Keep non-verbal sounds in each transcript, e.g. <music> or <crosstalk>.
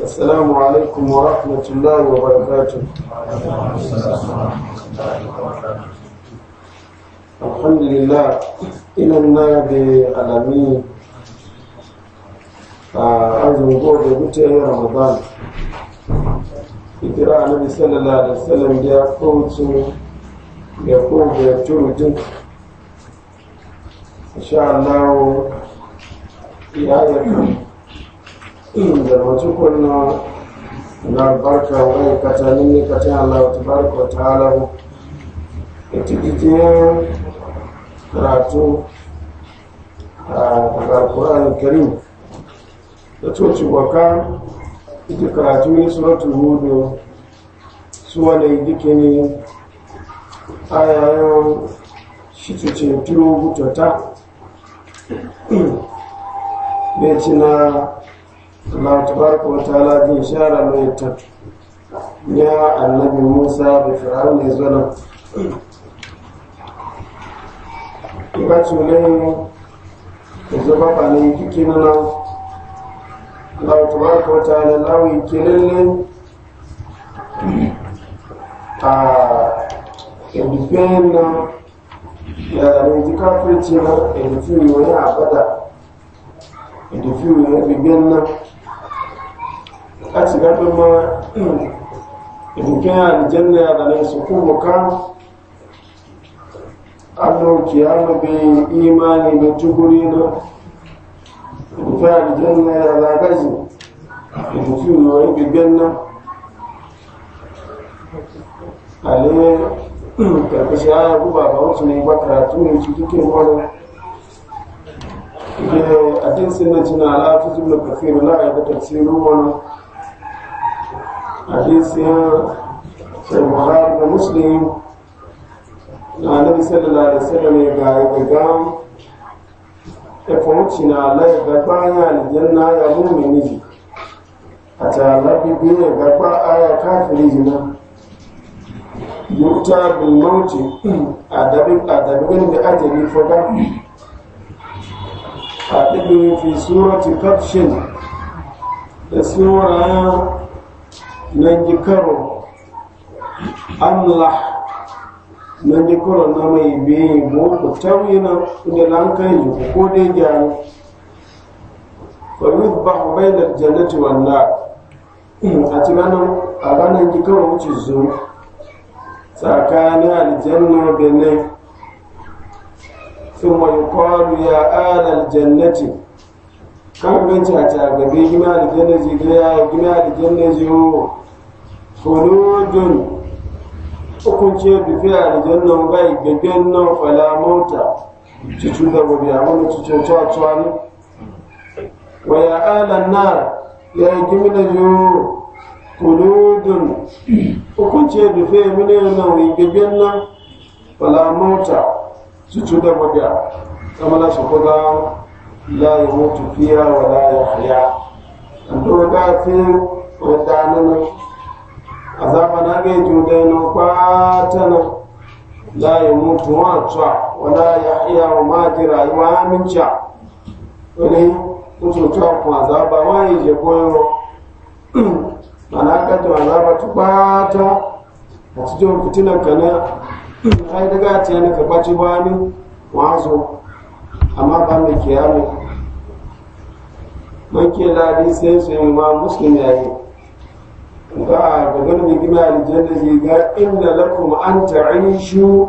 Assalamu alaikum wa rahmatullahi wa barakatuh. Alhamdulillah, ina na da alami a arzikin gobe wuce yin Ramadan. Ikira a nabi sallallahu alaihi wasallam ya kowace ya kowace ya ci mutum. Insha Allah, ya yi da mace kunna na barka wani katani ne katin Allah ta barka ta halabu ita jikin karatu a alkur'an karim da coci waka ita karatu ne suratul hudu su wani dikini ayayen shi cuce tuyo gutota ne cina Allah tabaraka wa ta'ala din shara mai tattu ya annabi Musa da Fir'aun ne zuwa Iba tulayin zuba bane kiki na nan Allah tabaraka wa ta'ala lawi kilille a ebifin na ya da ji kafirci na ebifin wani abada ebifin wani bibin nan a ci gaɗin ma jikin mm, aljanna ya da na su kuma ka allah kiyama bai imani da tukuri na jikin na ya da gaji jikin yawon gbigben nan ale karkashi aya guba ba otu ne ba karatu ne cikin wani a jinsin na cina al'afisun da kafin la'aikata hadisin sai buhari da muslim na nabi sallallahu alaihi wasallam ya ga gaga e fonci na lai gaba ya aljanna ya mumini ji a ta labi biyu gaba aya kafiri ji na yuta bil mauti a dabi a da ajali foga a dabi fi surati kafshin da nanji karo amlah nanji karo na mai biyi mo ko tawi na da lankan yi ko dai gyara fa yuzbahu bai da wan nar a ci mana a ranar nanji karo wuce zo tsakanin aljanna da sun wani يقال يا آل الجنة kan be a gabe gima aljanna ji gaya gima aljanna ji wo khuludun hukunce bifi aljanna bai gagen nan fala mota cucu da a wani da cucu cewa cewa ne wa ya alan na ya yi gimi da ji wo khuludun hukunce bifi mini nan wai gagen nan fala mota cucu da gobe kamar su kuma لا يموت فيها ولا يحيا دوبا في وداننا أزابنا بيجودين وقاتنا لا يموت واتشع ولا يحيا وما جرى وما من شع ولي وتوتوك وعذابا ويجي بويو manaka to azaba tubata a cikin fitinan ka na ai daga ta yana ka baci bani wazo amma ba mai kiyamu makke da hadisai su yi ma muslim ya yi ba a gaban mai gina aljanna zai ga inda lakum an ta'ishu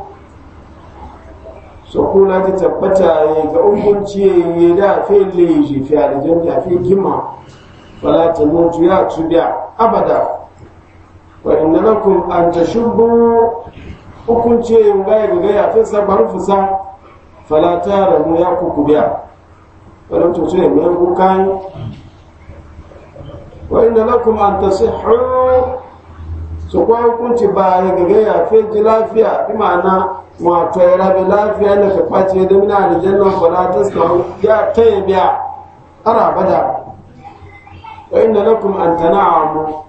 so kula ta tabbata ya ga ungunci ya da fi leji fi aljanna fi gima fala ta mutu ya tubiya abada wa inda lakum an tashubbu hukunci ya ga ya fi sabar fusa falata da mu ya kuku biya wadda tutu ne mai kukan wadda lakum an ta su su kwa hukunci ba ya gaga ya fi ji lafiya bi ma'ana wato ya rabi lafiya na ka kwace da mina da jannan falata su ya ta yi biya ana bada wadda lakum an ta mu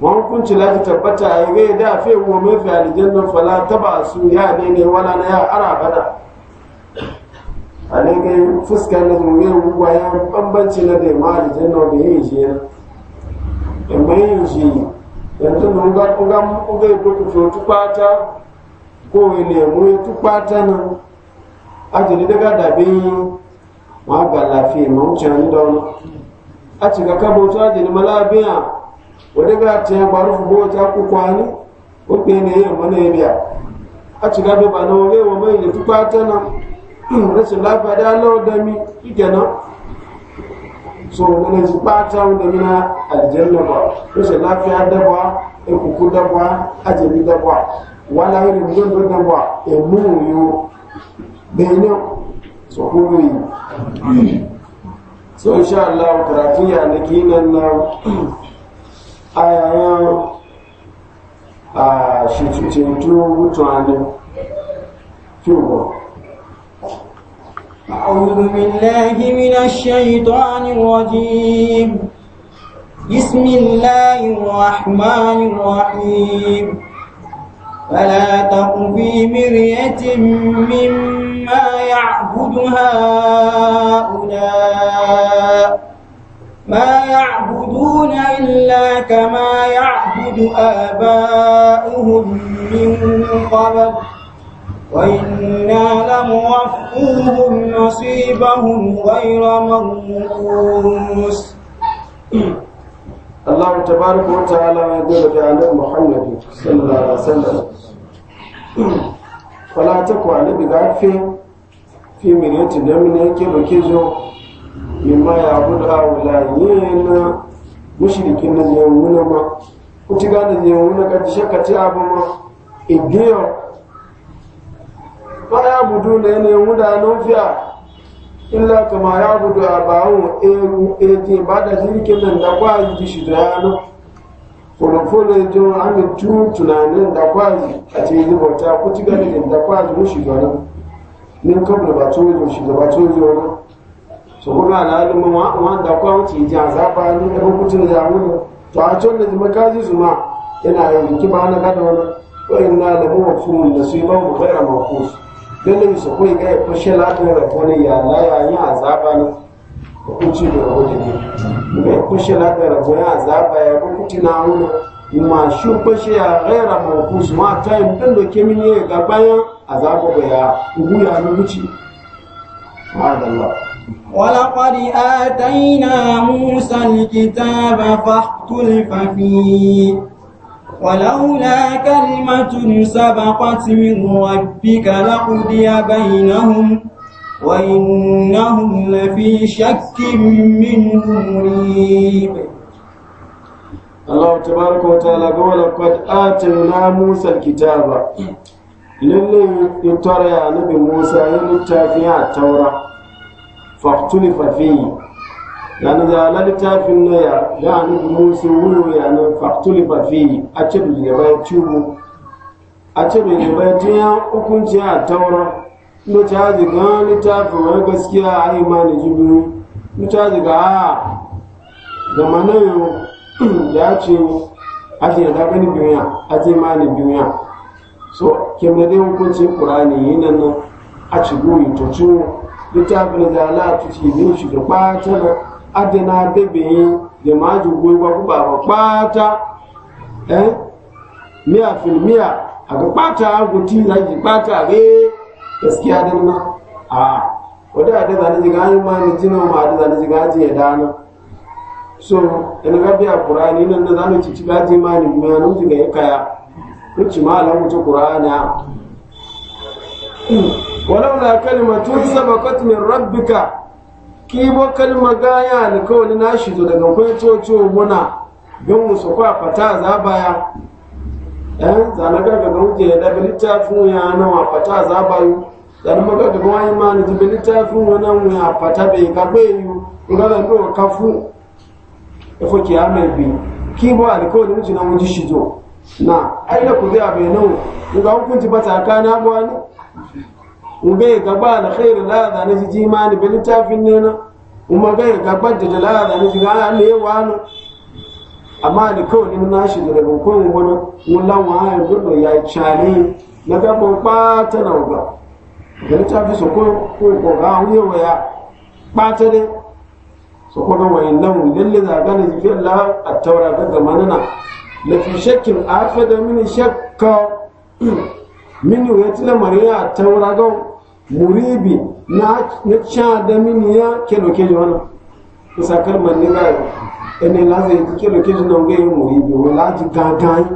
ma hukunci lafi tabbata ya gaya da fi wa mafi alijannan falata ba su ya ne ne wala na ya ara bada a e e ne ga fuska na zuwa ya bambanci na da ma da jinna da yayi shi na da mai shi yanzu na ga ga ga ko ko tupata ko ne mu tupata na a ji daga da ma ga lafiya a ci ga kabota da malabiya wadda ga ta ya baru bota ku kwani ko ne mana biya a ci ga ba na wa mai da tupata na rashin lafiya da Allah dami mi kenan so wani ji bata da mina aljanna ba rashin lafiya da ba ikuku da ba ajali da ba wala yi rindon da ba emu yo da so kuma yi so insha Allah karatun ya na kinan na ayayan a shi cuce tuwo mutuwa ne أعوذ بالله من الشيطان الرجيم بسم الله الرحمن الرحيم فلا تقفي في مرية مما يعبد هؤلاء ما يعبدون إلا كما يعبد آباؤهم من قبل وَإِنَّ لَهُ وَفُوهُمْ نَصِيبَهُمْ غَيْرَ مَرْمُوسٍ Allah tabaraka wa ta'ala ya dole da Annabi Muhammad sallallahu alaihi wasallam Fala ta ku Annabi gafe fi minati da mun yake ba ke zo min ma ya gudu a wulayen mushrikin nan ne mun ma ku ci gane ne mun ka ci shakka abu ma igiyo ma ya budu na yana na nan fiya illa kama ya budu a e, e, bawon eru eti ba da shirkin nan da kwaji ji shi da ya jiwa tunanin da a ce yi bauta ku ci ganin da mu shi gani nin kabla ba shi da ba tojo wani so kuma na halin mu wanda kwaji ji a zaba ni da da ya to a can da makaji su ma yana ba na gada wani lele yi sɔkò yi ka yi kɔsɛ la do yɛrɛ fɔ ne yà azaba ni ko tsi do o de ni ka yi kɔsɛ la yɛrɛ azaba ko kuti na ŋu na ima si o kɔsɛ ma ko suma ta yi ndo do kemi ya yɛ gaba azaba bɛ yà ugu yà ni wuti ma da la. ولقد آتينا موسى الكتاب فاختلف فيه Wa lau lai, kada in ma tuni saba, fati min mu a bi kalaku, dai a ba yi na hamu wayan na Kitaba, lalle yi tauri a Musa, a yi tafiya a taura, faɗu ne lanu da ala littafin na ya da anu da musu ya na faktuli ba fi a ce da ya bayan tubu a ce da ya bayan hukunci a taura na ta littafin wani gaskiya a imanin jibiru na ta ga a ga ya ce a ce da gani biyu a ce so kemgbe dai hukuncin kurani yi nan a ci goyi to ciwo littafin da ala shi adena bebeyin jamaa ju gbogbo gbogbo àwọn pátá ẹ mia fil mia àgbà pátá agùntí láyé pátá rẹ ẹsìkí adẹ́nà à ọdẹ adẹ́ta ní jìgá ayé máa ní jìnnà ọmọ adẹ́ta ní jìgá ajé ẹ̀dá náà so ina ká bí àkùrá ní iná náà lánàá títí bá jẹ́ máa ní gbìyànjú ló ti gẹ̀yẹ́ kaya ó tì máa lọ́wọ́ tó kùrá náà wọ́n lọ́wọ́ kibo kalma gaya kawai na shi zo daga kwai coco muna don musu kwa fata za baya ɗan zanagar daga wuce ya daga littafin ya nawa fata za bayu yan maga daga wani ma ni jibi littafin wani ya fata bai ka bai yi ga da ɗora kafu ya fo kiya mai bi kibo alkawali ni na wuji shi zo na aina ku zai abai nau nga hukunci ba tsakanin abuwa ne ube gaba da khairu la da na ji jimani bi littafin ne na kuma ga gaba da la da na ji ga ne wani amma ni kawai ni na shi daga kun wani wallan wa ya gudu ya chale na ga ko pa ta na ga da littafi so ko ko ko ga wuri waya pa ta dai so ko ga wayin nan lalle da ga ne fi Allah at-taura ga zamanana la fi shakkin afada <clears throat> min shakka min wayatla mariya at-taura ga muribi na cha da mini ya kelo kejo wana kusa kalmar ni gayo ene la zai ji kelo kejo na ngai muribi wala ji gagai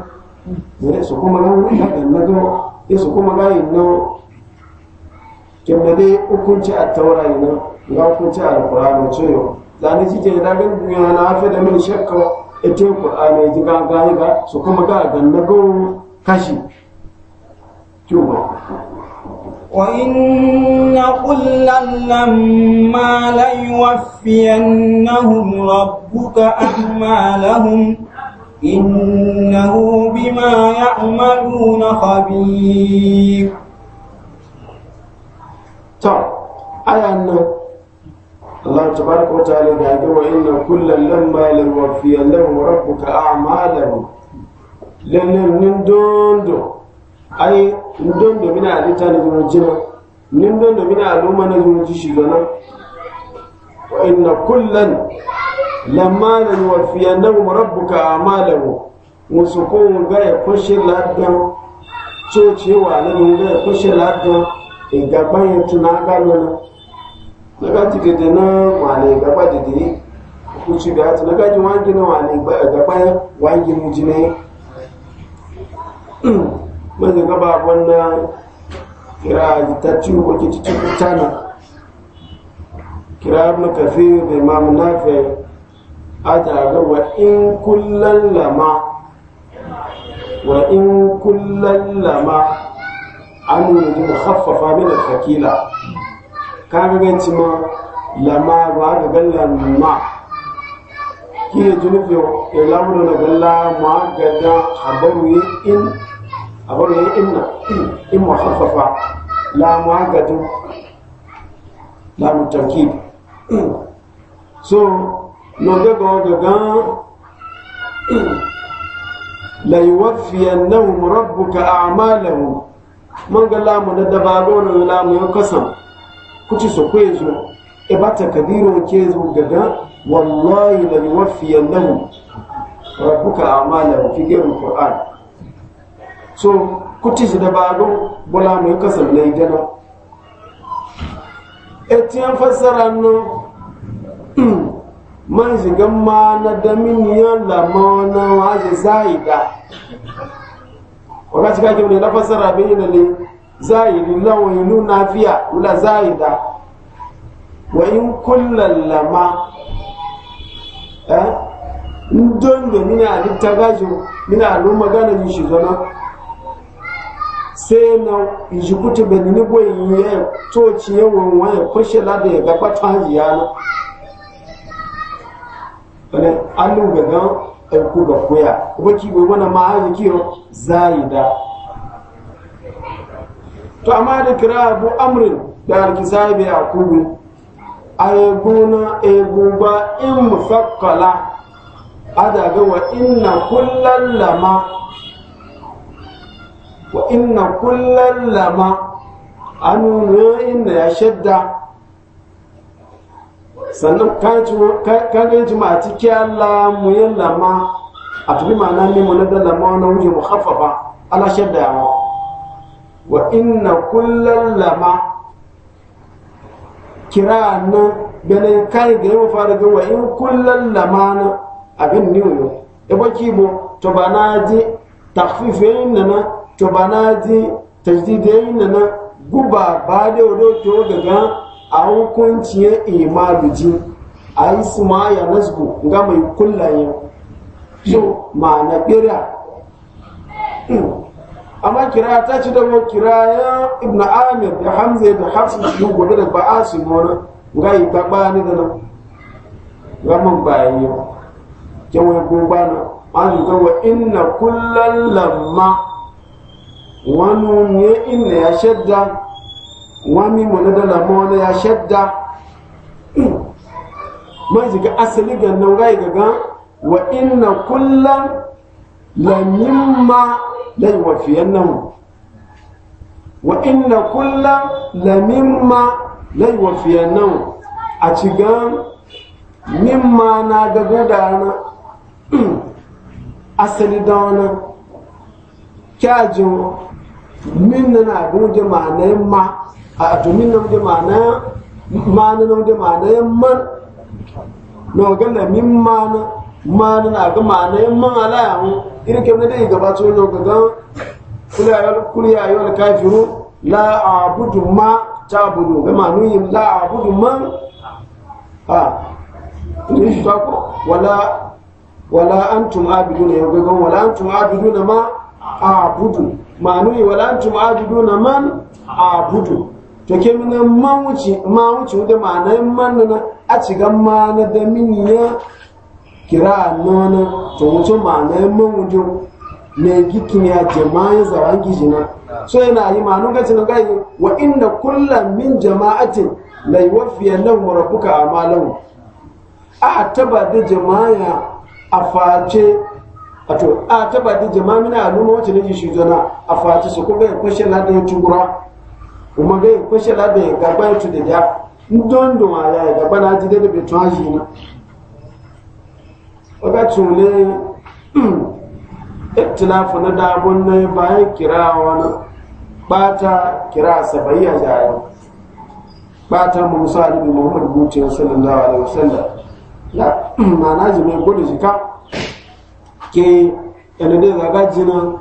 wala so kuma ga wani hada na go yeso kuma ga ino kemma dai hukunci a taura ina ga hukunci a alqur'ani da zani ji ke da gan duniya na afi da mini shakka ete qur'ani ji gagai ga so kuma ga na go kashi وإن كلا لما ليوفينهم ربك أعمالهم إنه بما يعملون خبير طب آية أن الله تبارك وتعالى قال وإن كلا لما ليوفينهم ربك أعمالهم لن نندوندو أي ndon do mina alita na zuwa jina nin don do a aluma na zuwa ji shi na, wa inna kullan lamma na yuwaffiyannahum rabbuka a'malahum musu ko ga ya kushe ladan to cewa na ga ya kushe ladan e gaban ya tuna ga lona daga na wale gaba dede kuci da hatu daga ji wangi na wale gaba wangi mu jine <clears throat> mazi gaba wannan kira jitacci wake cikin kutana kira ibn kafir da imam nafi a tare wa in kullan lama wa in kullan lama an yi da haffafa min al-fakila ka ga ma lama ba ga gallan ma ki ne junubin ilamu da galla ma ga da habaru in abin ya yi inna in muhaffafa la muhaggadu la mutarkib so noga ga gaga la yuwaffiyannahum rabbuka a'malahum man ga lamu da dabago na lamu ya kasan kuci su kwe zo e ba ta kabiru ke zo gaga wallahi la yuwaffiyannahum rabbuka a'malahum fi gairu qur'an so kuti shi da bula bola mai kasa mai dana etiyan fassara no <clears throat> man shiga ma na damin yan lama na waje zaida wakati kake ne na fassara bin yana ne zaidi lawan yinu nafiya wula zaida wa in kullal lama eh ndon da mina alitta gajo mina alumma gana shi zona sai na ijikuti benin gwayin ya toci yawon waya kushe lada ya gaba ta hajiya na wani allu gagan ɗauku ga koya waki bai wani ma haji kiyo zaida to amma da kira abu amrin da alkisa bai a kubu a yaguna eguba in mufakkala a daga wa inna kullan lama wa inna kullan lama anu da ya shadda sannan kan kagayin jima'a cikin Allah mu yi lama a tubi nan ne mu da lama wani wuce mu ba, ala shadda ya wa inna kullan lama kira na ganin kai ga yawa fara ga wa in kullan lama na abin niyo ya baki bo to ba na ji takfifin na na to ba na ji tajdidi yin na na guba ba da wado to daga a hukunciyar imanu ji a yi su ma ya nasbu ga mai kullaye so ma na kira amma kira ta ci da mai kira ya ibn amir da hamza da hafsu shi gobe da ba a su nuna ga yi ta ne da nan ga man bayan yau kyawai ba na an zuwa inna kullan lamma wani ya inna ya shadda wani mana da lamona ya shadda mai jiga asali ga naurai gaga wa inna kullum lamimma laiwafiyan nan wa inna kullum lamimma laiwafiyan nan a cigan nima na da dana <clears throat> asali da wani kyajin min nana na ga wuje ma'anayin ma a to min na wuje ma'anayin ma na na wuje ma'anayin man na ga min ma na ma na na ga ma'anayin man ala ya mu irin kemna dai gabato ne ga ga kuliyar kuliyar yau da kafiru la abudu ma ta budu ga manuyin la abudu man a ne shi ta ko wala wala antum abiduna yau ga wala antum abiduna ma abudu manu wala antum na man abudu to ke min man mawuci ma da ma'ana man na a ciga mana da min ya kira nona to wuce ma'ana man wuce ne gikin ya jama'a zawan gijina so yana yi manu ga cikin gai wa inna kullam min jama'atin la yuwaffiya lahum rabbuka a'malahum a taba da jama'a a face A to a taba di jama mina a nuna wacce nake shi zona a fati su kuma ya kwashe lada ya tugura kuma ga ya kwashe lada ya gaba ya tu da ya don don a ya gaba na ji da bai tuwa shi na waka tule <clears throat> ittilafu na dabon na bayan kira wani bata kira saba'i a jaya bata musa alibi muhammad butin sallallahu alaihi wasallam na na ji mai gudu jika ke yana da zaga jina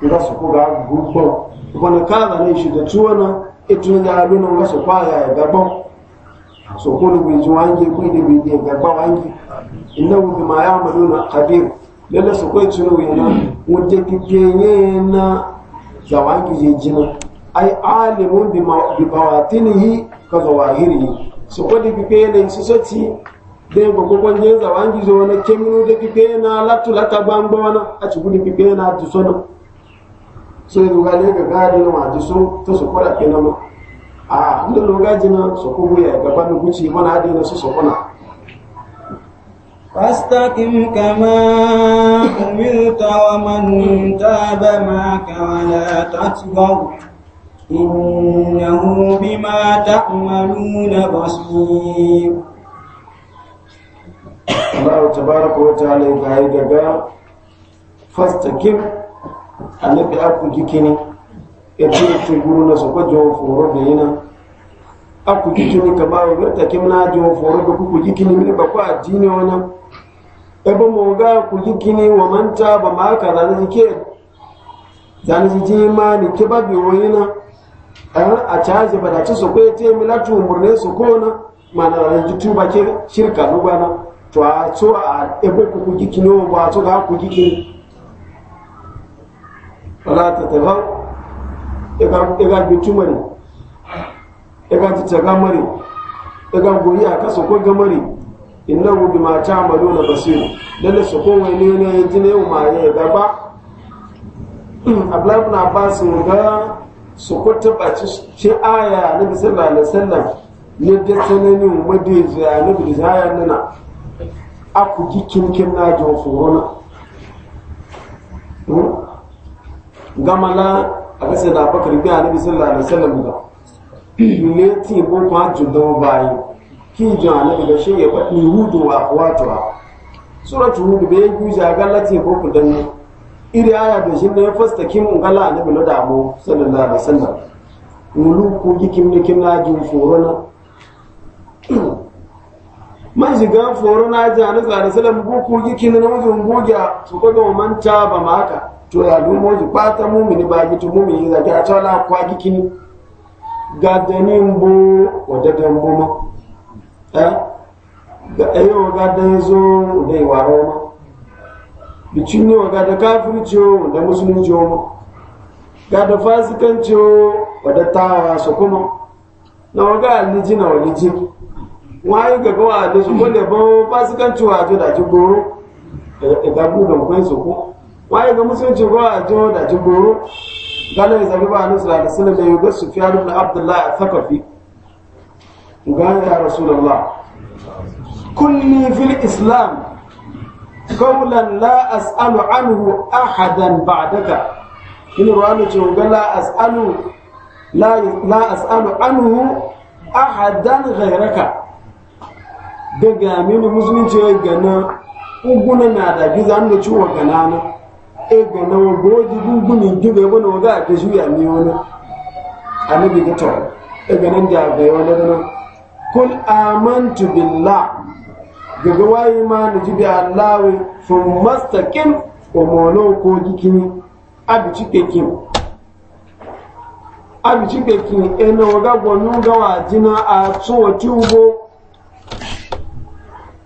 ga su ko ga gubo bana kaza ne shi da tuwana itun e da alunan ga su kwaya ya gaban so ko ne bin juwan ke ko ne bin ga gaban wanki innahu bima ya'maluna qadir lalle su ko tuno yana wanda kike yana zawanki je jina ai alimun bima bi bawatinihi ka zawahiri su ko ne kike yana su sati dai ba ko kwanje za wangi zo na kemnu da pipe na latu lata bamba wana a ci so yanzu ga ne ga gari na so ta su kora ke na ma a inda lokaci na su ko buya gaba da guci mana hadi na su su kona فاستقم كما أمرت ومن تاب معك ولا تطغوا إنه بما تعملون بصير Allah tabaraka wa ta'ala ga yi daga fastakim annabi aku gikini ebe tuguru na su kwajo foro da yana aku gikini kama wa birta kim na jo foro da kuku gikini ne ba ku addini wani ebe mu ga ku gikini wa manta ba ma ka zane jike zane jike ma ni ke ba biyo yana a caji ba da ci su kwaye te milatu murne su kona mana ranar jitu ba ke shirka lubana to a to a ebo ku ku kiki no ba to ga ku kiki wala ta ta ga e ga e ga bitu mari e ga ta ga mari e ga goyi a kaso ko ga mari innahu bima ta'maluna basir lalle su ko wani ne ne jine ma ya ga ba Abdullahi ibn Abbas ga su ko tabbaci shi aya na sallallahu alaihi wasallam ne da tsananin madaji a nabi da nana aku ji kinkin na jin tsoro na hmm? gamala a kasar da bakar biya na bisan lalata sallam ga ne ti bo kwa judon bayi ki jin anabi da shi ya faɗi hudu wa kwatuwa suratu hudu bai guja galati ko ku danna iri aya da shi ne ya fasta kim gala anabi na damu sallallahu alaihi wasallam mulu ko ji kim ne kim na jin tsoro na man shiga foro na ji anu tsari salam buku gikin na wajen goga su kwaga wa manta ba ma haka to ya lumo ji kwata mumini ba gitu mumini za ki a cewa kwa gikin gadanin bo wadadan bo ma eh ga ayo eh, gadan zo da iwa roma bicin ne wa gada kafirci da musulunci ma gada da ta su kuma na wa waga alijina walijin wọ́n yóò gẹ̀gọ́ wà da kó lè bọ́ fásikàntì wà tó dàjú gbòòrò ìdágbò ga ìsòkó wọ́n yóò gẹ̀ mùsùlùmí gọ́ wà tó dàjú abdullahi ya rasulallah kulli fil islam qawlan la as'alu anhu ahadan ba'daka ce ga la as'alu la as'alu anhu ahadan daga mini musulunci ya gana uguna na da giza da ciwo gana na e gana wa goji gugunin giga ya wani waga a ke shi ya ne wani annabi ga e gana da ga ya wani kul amantu daga wayi ma na jibi allawi sun mastakin wa ko jikini e na waga gawa jina a tubo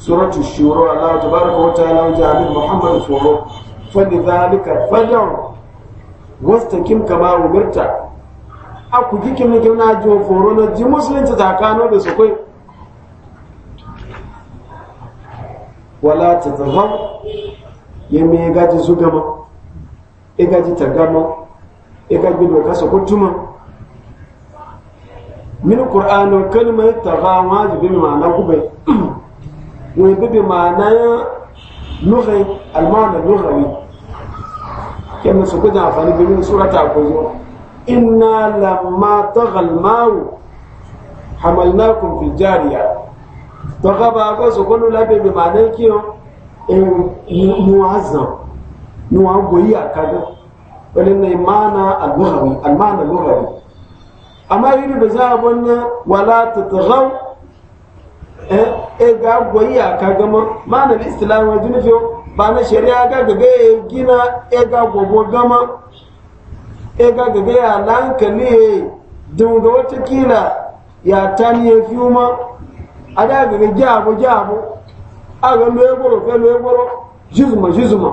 سورة الشورى الله تبارك وتعالى جعل محمد فوق فلذلك فدع واستقم كما أمرت أكو جيكي من كنا جو فورونا جي مسلم تتاكانو بسكوي ولا تتغم يمي إيجاجي زوجما إيجاجي تغما إيجاجي بلوكاسو كتما من القرآن كلمة تغام واجب بمعنى قبل ويبقى معناه لغي المعنى اللغوي كما يقولون عفاني يقولون سورة يقولون إنا لما طغى الماء حملناكم في الجارية طغى بابا سكولو لابي بمعنى كيو معظم نوعبوي أكاد ولن المعنى اللغوي المعنى اللغوي أما يريد بزابنا ولا تتغوا e ga goyi gama ma na bi islam wa dunfo ba na shari'a ga gaga e gina e ga gogo gama e ga gaga ya lanka ne dun ga wata kila ya ta n'efi fiuma ada gaga jabo jabo aga lo e goro fe lo e goro jizuma jizuma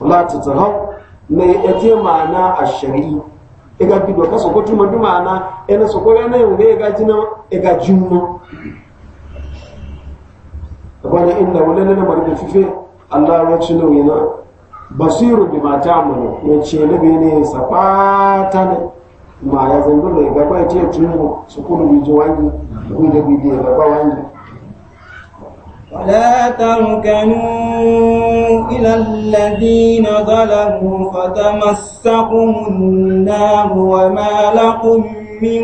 la tatahau ne ya ce ma'ana ashari ega gido ka soko tuma duma ana ena soko ga na yunga ega jina ega juma bana inna wala na marbi fife Allah ya ci nauyi na basiru bi ma mu ya ce na bi ne sapata ne ma ya zandu da ga ba ce tuma, su kullu bi jiwangi ku da bi da ba wangi ولا تركنوا إلى الذين ظلموا فتمسكم النار وما لكم من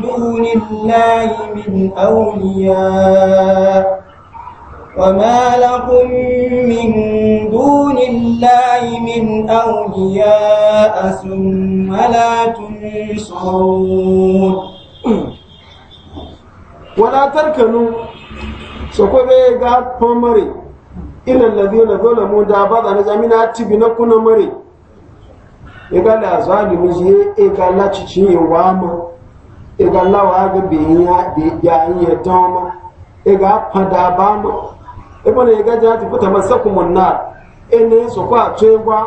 دون الله من أولياء وما لكم من دون الله من أولياء ثم لا تنصرون ولا تركنوا so ko be ga pomare ila alladhina zalamu da ba da na zamina tibi na kuna mari. e ga la zalimi je e ga la cici e wa ma e ga la wa ga be ya de ya yi ma e ga da ba ma e bona e ga ja ti fata masakumun na e ne so kwa tsewa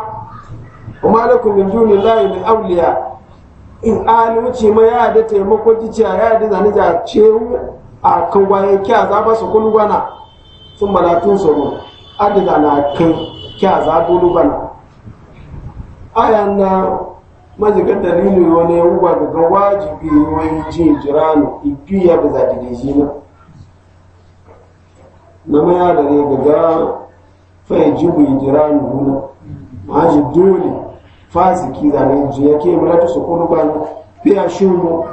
wa malakum min dunillahi min awliya in alimu ci ma ya da taimako jici ya da zani ja cewa a kan waye kya za ba su kulu bana sun malatun su mu adida na kan kya za bulu bana aya na majigar dalilin wani yawuwa daga wajibi wani jin jiranu igiya ba zaɗi shi na na maya da ne daga fai jibu jiranu guna ma ji dole fasiki zane ji yake mulatu su kulu bana fiya shi mu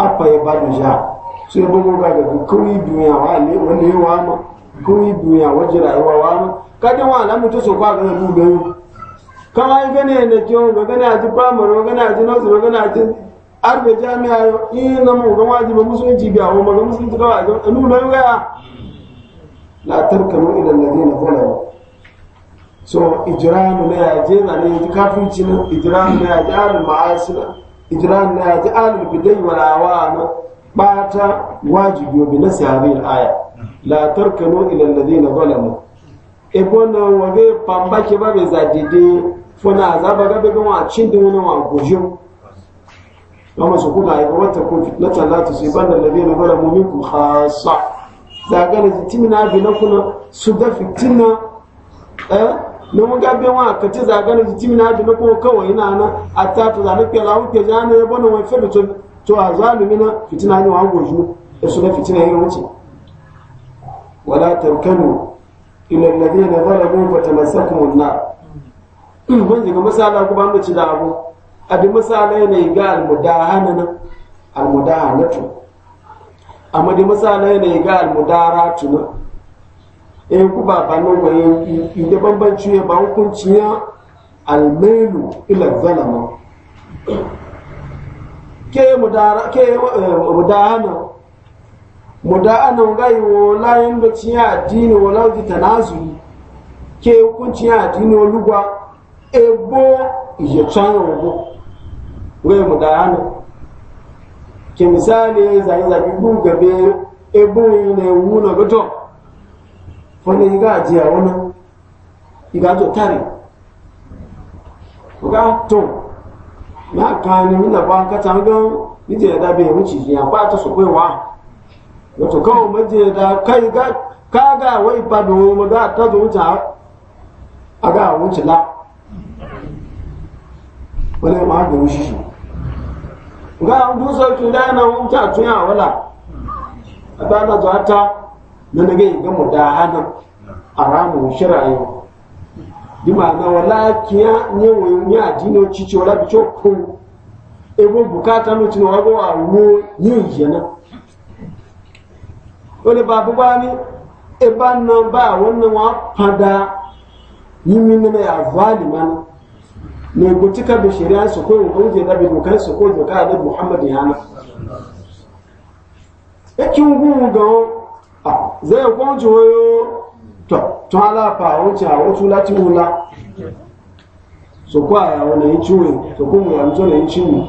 apa ya ba ja sai bugu ga ga kuri duniya wa ne wani wa ma kuri duniya waje rayuwa wa ma kada wa alamu to so kwa ga du ga kama yi gane ne kiyo ga gane a ji primary ga gane a ji nursery ga gane a ji arbe jami'a yo in na mu ga wajibi musulunci biya wa maga mu ga wajibi nu na ga la tarkanu ila alladhina zalamu so ijramu ne ya je na ne kafirci na ijramu ne ya je al ma'asila ijran na ya ji alul bidai wal awam bata wajibi bi nasi hadhihi al aya la tarkanu ila alladhina zalamu e bona wabe pamba ke ba be zadide fona azaba ga be gwa cin da wani wa gojo amma su kuka ai wata ko fitnata la tusibanna alladhina zalamu minkum khassa da ga ne timina bi na kuna su da fitina eh na mun gabe wa ka ci zagana ji timina da na kuma kawai na na a ta to zane ke lawo ke jana ya bana wai fere to to a zalumi na fitina ne wa goju da su na fitina ya wuce wala tarkanu ila alladhina zalamu fa tamassakum an-nar mun <clears throat> ji ga misala ku ban ci da abu a duk misala ne ga almudahana na to amma duk misala ne ga almudaratu na eh ku ba ba nan wani ide bambanci ya ba hukunci ya almelu ila zalama ke mudara ke eh, mudahana mudahana ngai wo layin da ciya addini wo lauji tanazuli ke hukunci ya addini wo lugwa ebo ije tsayo wo ngai mudahana ke misali za zai zai gugabe ebo ne wuna gato fọ́nà igá àti àwọn náà igá tó tàrí ọgá tó máa ka ni nínà bá kátà gán níjẹ ẹ̀dá bẹ̀rẹ̀ mú ṣìṣì àpá tó sọ pé wà lọ́tọ̀ káwọn méjì ẹ̀dá káàgá àwọn ìpadà òun ọmọdé àtọ́jú oúnjẹ àgá àwọn oúnjẹ lá wọ́n lè máa bẹ̀rù ṣìṣì ọgá àwọn oúnjẹ sọ nana ga ga mu da hana aramu shirayo di ma na wala kiya nye wo nya dino chichi wala bicho ku ebo bukata no tino wago awo nye yena ole ba bu bani e ba no ba wonna wa pada yimi ne ya vali mana ne gotika be shari'a su ko ko je da be dokan su ko je ka da muhammad yana e kin zai kwanci wayo to tun alafa wuce a wasu lati wula so kwa ya wani yi ciwo so ko mu yanzu na yi ciwo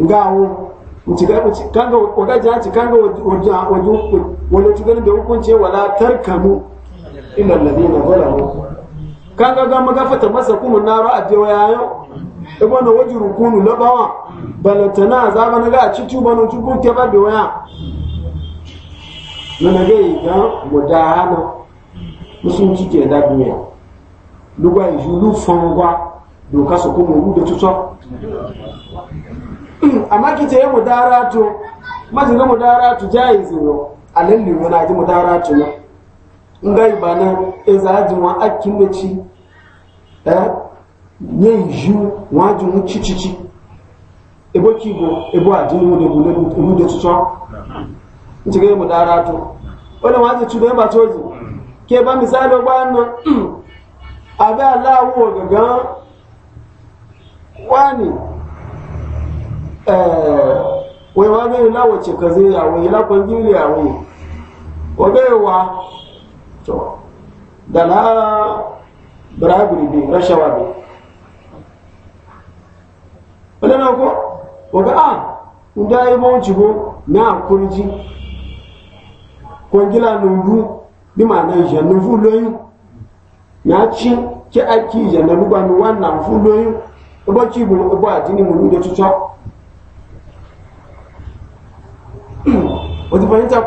ga wu kanga wagaji haci kanga wani tuganin da hukunce wala tarkamu illa ladina zalamu kanga ga magafata masa kuma naro a jewa yayo ibo na wajen rukunu labawa balantana ba na ga a ci tuba na tukun ke ba da waya nana ge gan mudahana musun ci ke da duniya lugwa iju lu fongwa do ka so ko mu de ya mudaratu mazi atụ mudaratu jaizi yo alalli yo na ji mudaratu atụ ya bana ezaji wa akin da ci nye iju wa ju mu ebo kibo ebo de de nchige mu darato wani wanzu cube ba toji ke ba misali wannan <clears throat> abi wa gaga wani eh wai wani ila wace ka zai ya wai ila kwangili ya bai wa to da ah, na bribery bi rashawa bi wadana ko waga a inda yi mawuci ko na kurji kwangila gila numbu bi ma na je numbu loyin ya ci ki aki je na lugba mi wa na fu loyin obo ci bu obo ati ni mu <clears throat> ni de tutu o ti shiga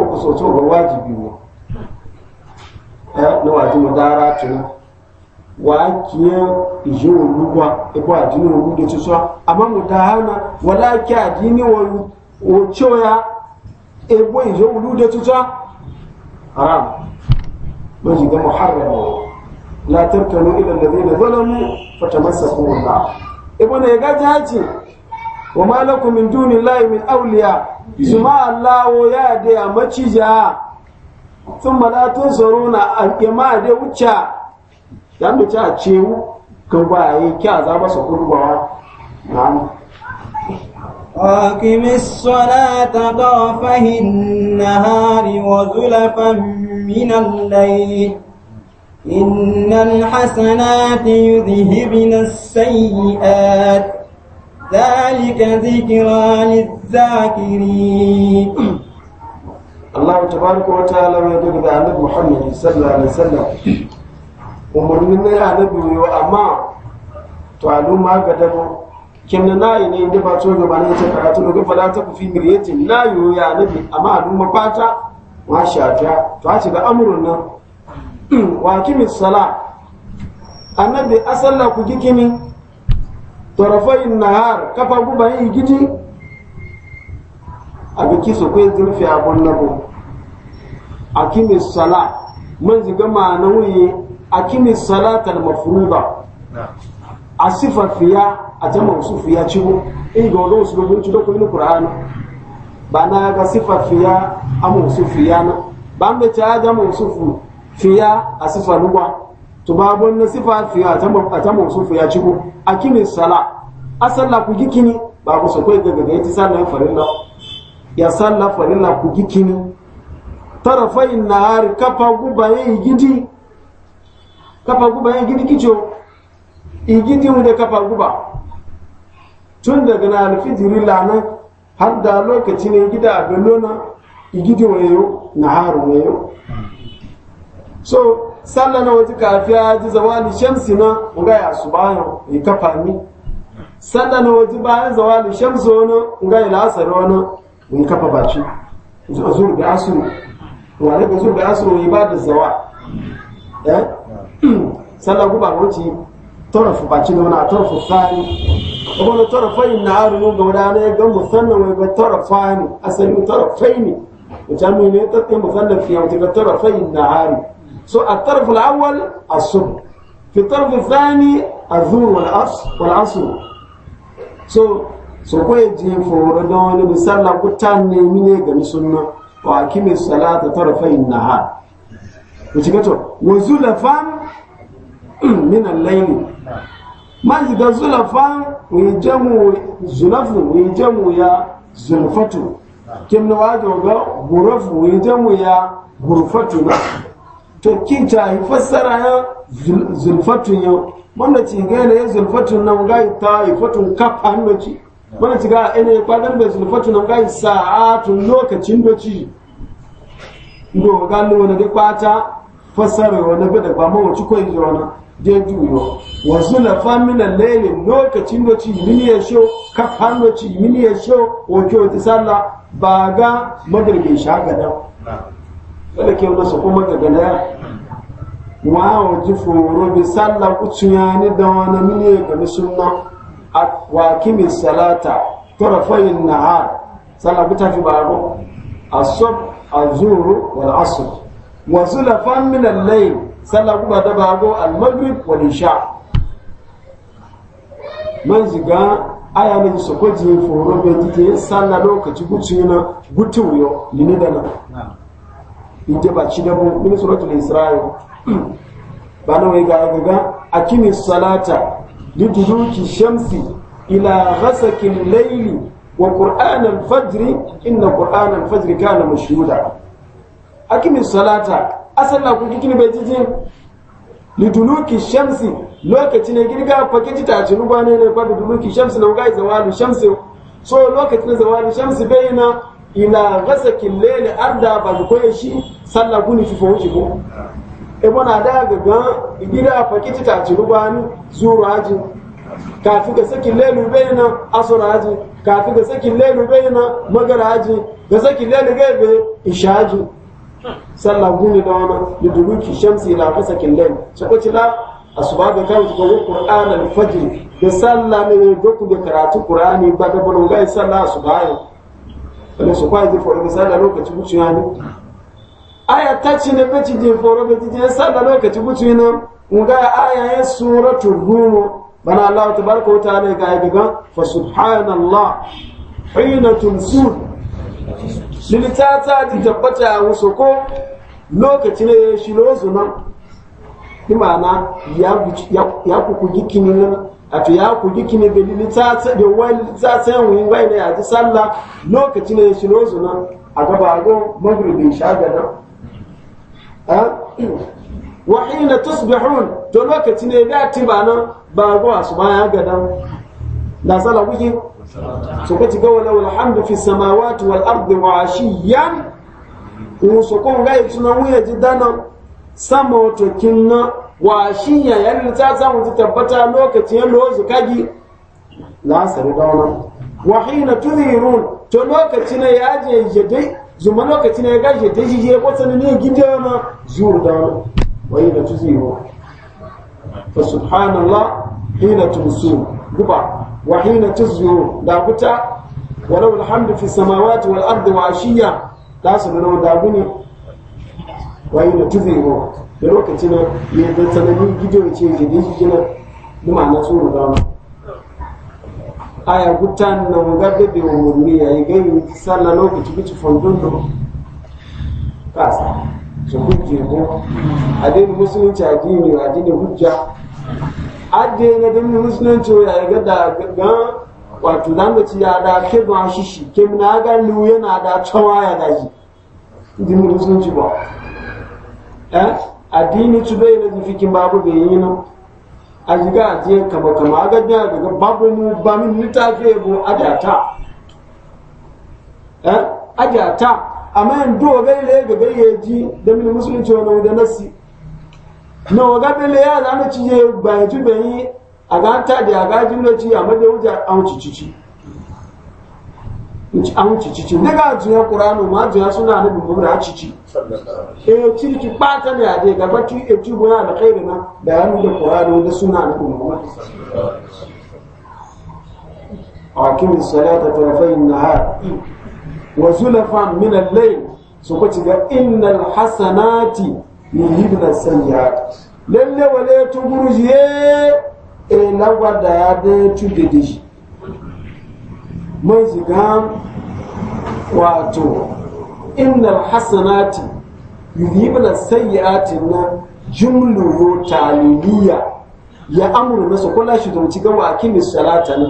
ko ga wajibi na wajibi wa kiye ije wa ebo adini owu de tuso ama mutahana wala ki adini wa ocho ya ebo ije olu de tuso haram maji ga muharram la tarkanu ila alladhina zalamu fatamassaku billah ebo ne ga jaji wa ma lakum min duni llahi min awliya suma allah wo ya de amacija thumma la tunsuruna al-jama'a de wucha ya mai ci a cewu kan ba ya yi kya za ba su kurwa na mu Aki misola ta dọfahin na hari wa zulafan minan layi innan hasanati yudhibina sayi'at zalika zikra lizakiri Allah ta baraka wa ta'ala wa yadda da Annabi Muhammad sallallahu alaihi umarni na ya na biyu amma to a aluma ga dabo kimna na yi ne inda ba to ga ba ne ta karatu ga gafa da ta ku fi miriyatin la yi ya na bi amma aluma fata wa shafiya to a ci ga amurin nan <clears throat> wa kimis sala annabi asalla ku gikini tarafai nahar kafa ba yi gidi a biki su kai zurfi abun nabo a sala mun ziga ma na wuyi akimi salata al a asifa fiya a jama wasu fiya cibo in ga wani wasu domin cido kulin kur'ani ba na ga sifa fiya amma wasu fiya na ba mu ta jama wasu fiya a sifa nuba to ba babon na sifa fiya a jama a fiya wasu fiya cibo akimi sala asalla ku gikini ba ku sakwai daga ga yati sallan na, ya farin na ku gikini tarafain nahar kafa gubaye gidi kafa guba ya gidi kicho igidi mu da kafa guba tun daga na alfijiri lana har da lokaci ne gida a bellona igidi wayo na haru wayo so sallah na wata kafiya ji zawali shamsi na nga ya su bayan yi kafa ni sallah na wata bayan zawali shamsi wani nga ya lasar wani yi kafa baci zuwa da asuru wa alaikun zuwa da asuru da zawa eh sallah guba wuce tarafu ba cin wani a tarafu sani wani tarafai na haru ga wadana ya ga musannan wai ga tarafa ne asali tarafai ne wace mai ne ta tsaye musannan fiye wace ga tarafai na haru so a tarafu al'awwal a sun fi tarafu sani a zuwa wal'asu so so kwaye ji foro don wani misalla ku ta nemi ne ga misunna wa kimi salata tarafai na haru wace ga to wa zulafan min al-layl man ziga zulafa wi jamu zulafu wi jamu ya zulfatu kim na wajo ga gurafu wi jamu ya ta yi ya wanda ci ga ne zulfatu nan ga ta yi fatun kaf an wanda ci ga ene kwadan da zulfatu nan ga sa'atun lokacin doci ga lo na da kwata fassara wani bada ba mawaci ko inji wani den duro wa zulafa min al lokacin da ci mini ya sho ka fando ci mini ya sho o ko ta sallah ba ga magribin shagadan wala ke wala so kuma ga gana wa o ji foro bi sallah ku tsuyani da wani mini ga sunna wa kimi salata tarafayin nahar sallah ku tafi baro asab azuru wal asr wa zulafan min al-layl sallah kuma ta bago al-maghrib wal isha man ziga aya ne su ko je foro be tike sallah lokaci gucin na gutun yo na. dana ite ba ci da bu ni suratul isra'il <clears throat> ba na wai ga ga akimi salata liduduki shamsi ila ghasaqil layli wa qur'an Fajri, inna qur'an Fajri fajr kana mashhuda akimi salata asalla ku kikini bai jijin liduluki shamsi lokaci ne girga fakiti ta ci ruba ne ne kwa liduluki shamsi na wuga zawalu shamsi so lokacin na zawalu shamsi bai na ila gasakin lele arda ba ji koye shi sallah ku ni fifo wuce ko e bona da ga ga girga fakiti ta ci ruba ne zuru haji kafi ga sakin lelu bai na asura haji kafi ga sakin lelu bai na magara haji ga sakin lelu gai bai isha haji sallah gune da wani liduruki shamsi ila fasa lain su kwaci la a su ba da kawo su kawo ƙur'an alfajir da sallah ne ne doku da karatu ƙur'ani ba da balonga ya sallah a su bayan wani su kwaye zai faru sallah lokaci wuce ya ne aya ta ci na baci je foro ba ta je sallah lokaci wuce ne nga aya ya suratul rum bana Allah barka wuta ne ga ga fa subhanallah hina tumsun lili ta ta ti tabbata musu ko lokaci ne shi lozu nan imana ma'ana ya ku gikini nan a to ya ku gikini da lili ta ta da wani ta ta yin wuyin wai ne a ji sallah lokaci ne shi lozu nan a gaba gon magribin shaga nan wa hina tusbihun to lokaci ne da ti ba nan ba go asuba ya gadan da sallah kuke soko ti gawo lawul hamdu fi samawati wal ardi wa ashiyan un soko ngai tuna wuya ji dana sama to kinna wa ashiyan yan ta ta mu tabbata lokacin yan lozu kaji la saru dauna wa hina tudhirun to lokacin ya je je dai zuma lokacin ya gaje dai shi je ko sanin ne ma zuru da wa hina tudhirun fa subhanallah hina tumsun guba وحين تزهر دابتا ولو الحمد في السماوات والأرض وعشية دا سنرون دابني وحين تزهر da تنا ya da sanadin gidiyon ce da نمع نصور gina aya gutan na mugabe da da ya yayi gani sallah lokaci bici fondon do kasa su kuje ko adin musulunci addini addini hujja adde na da mini musulunci ya ga da ga wato zan ya da ke ba shishi ke na ga yana da cewa ya da musulunci ba eh addini ci bai fikin babu bai a ga kama kama a gajiya daga babu mu ba min littafi bu eh? ga ile ga gayyaji musulunci wannan na ga bele ya ga na cije bayan ci a ga ta da a ga jin ci a chi wuja an cicici an cicici ne ga ya ma jiya suna nabi muhammad a cici chi cirki pata ne a dai gaba ki e ci boya da kai na da qur'anu da suna nabi muhammad أقم الصلاة hasanati. yujibna sayyi'at lalle wale to buruje e lagwada ya da tude da shi mun shiga wato innal hasanati yuzibna sayyi'atin na jumlu taliliya ya amuru nasu kula shi don cikin wa akimi salata ne.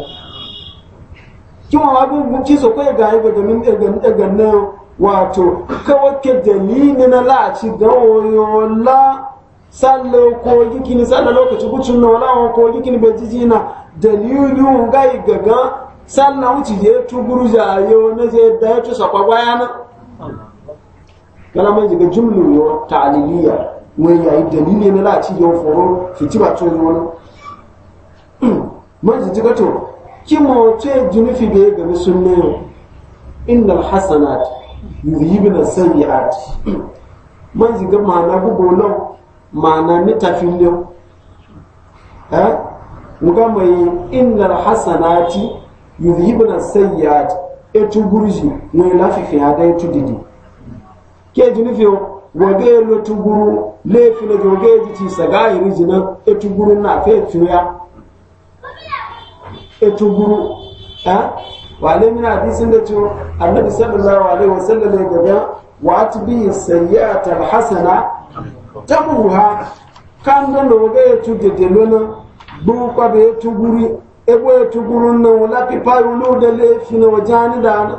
Kuma wa bin buci so kai ga ga min ga ga na wato kawake dalili na laci ga oyola sallo ko gikini sallo lokaci gucin na wala ko gikini bai jiji na dalilin gai gaga sallo wuce je tuguru jayo na je da ya tusa kwagwa yana kalaman jiga jumlu ta aliliya wani yayi dalili na laci yau foro fiti ba to yono man jiga to kimo ce junufi da ya gami sunne innal hasanat san sayyi'ati man ziga ma'ana gugu law ma'ana mitafin law eh muga mai innal na yuzhibna sayyi'ati etu guruji ne lafifi hada etu didi ke jini fiyo wage lo tuguru lefi na joge ti saga iriji na etu guru na fe fiya etu guru eh wale mina hadisin da cewa annabi sallallahu alaihi wasallam ya gaba wa atbi sayyi'at alhasana tabuha kan don da waga ya tude de lona bu kwa be tuguri ebo ya tugurun nan wala pi pa yulu da le fina wajani da na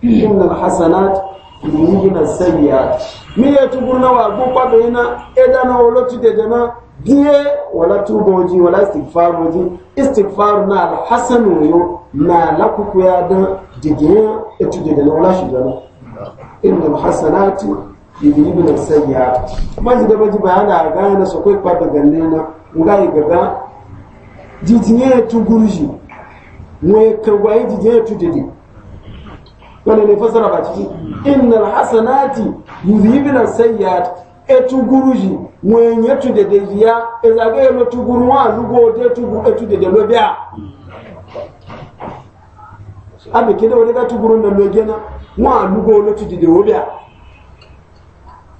inna alhasanat yuzhibna sayyi'at mi wa bu kwa be na de na diye wala tuboji wala istighfaroji istighfar na alhasanu yo na lakuku ya dan digin etu de na wala shidana innal hasanati yudhibun sayyi'at maji da maji bayana ga na so kai kwa daga nena yi gaga jijinye tu guruji mwe kawai jijinye tu dede wani ne fasara ba ciki innal hasanati yudhibun sayyi'at etuguru yi wenye tudede ya ezage elo tuguru wa lugo ode tugu etudede lo bia abe kede ode ga tuguru na lo na wa lugo ode tudede wo bia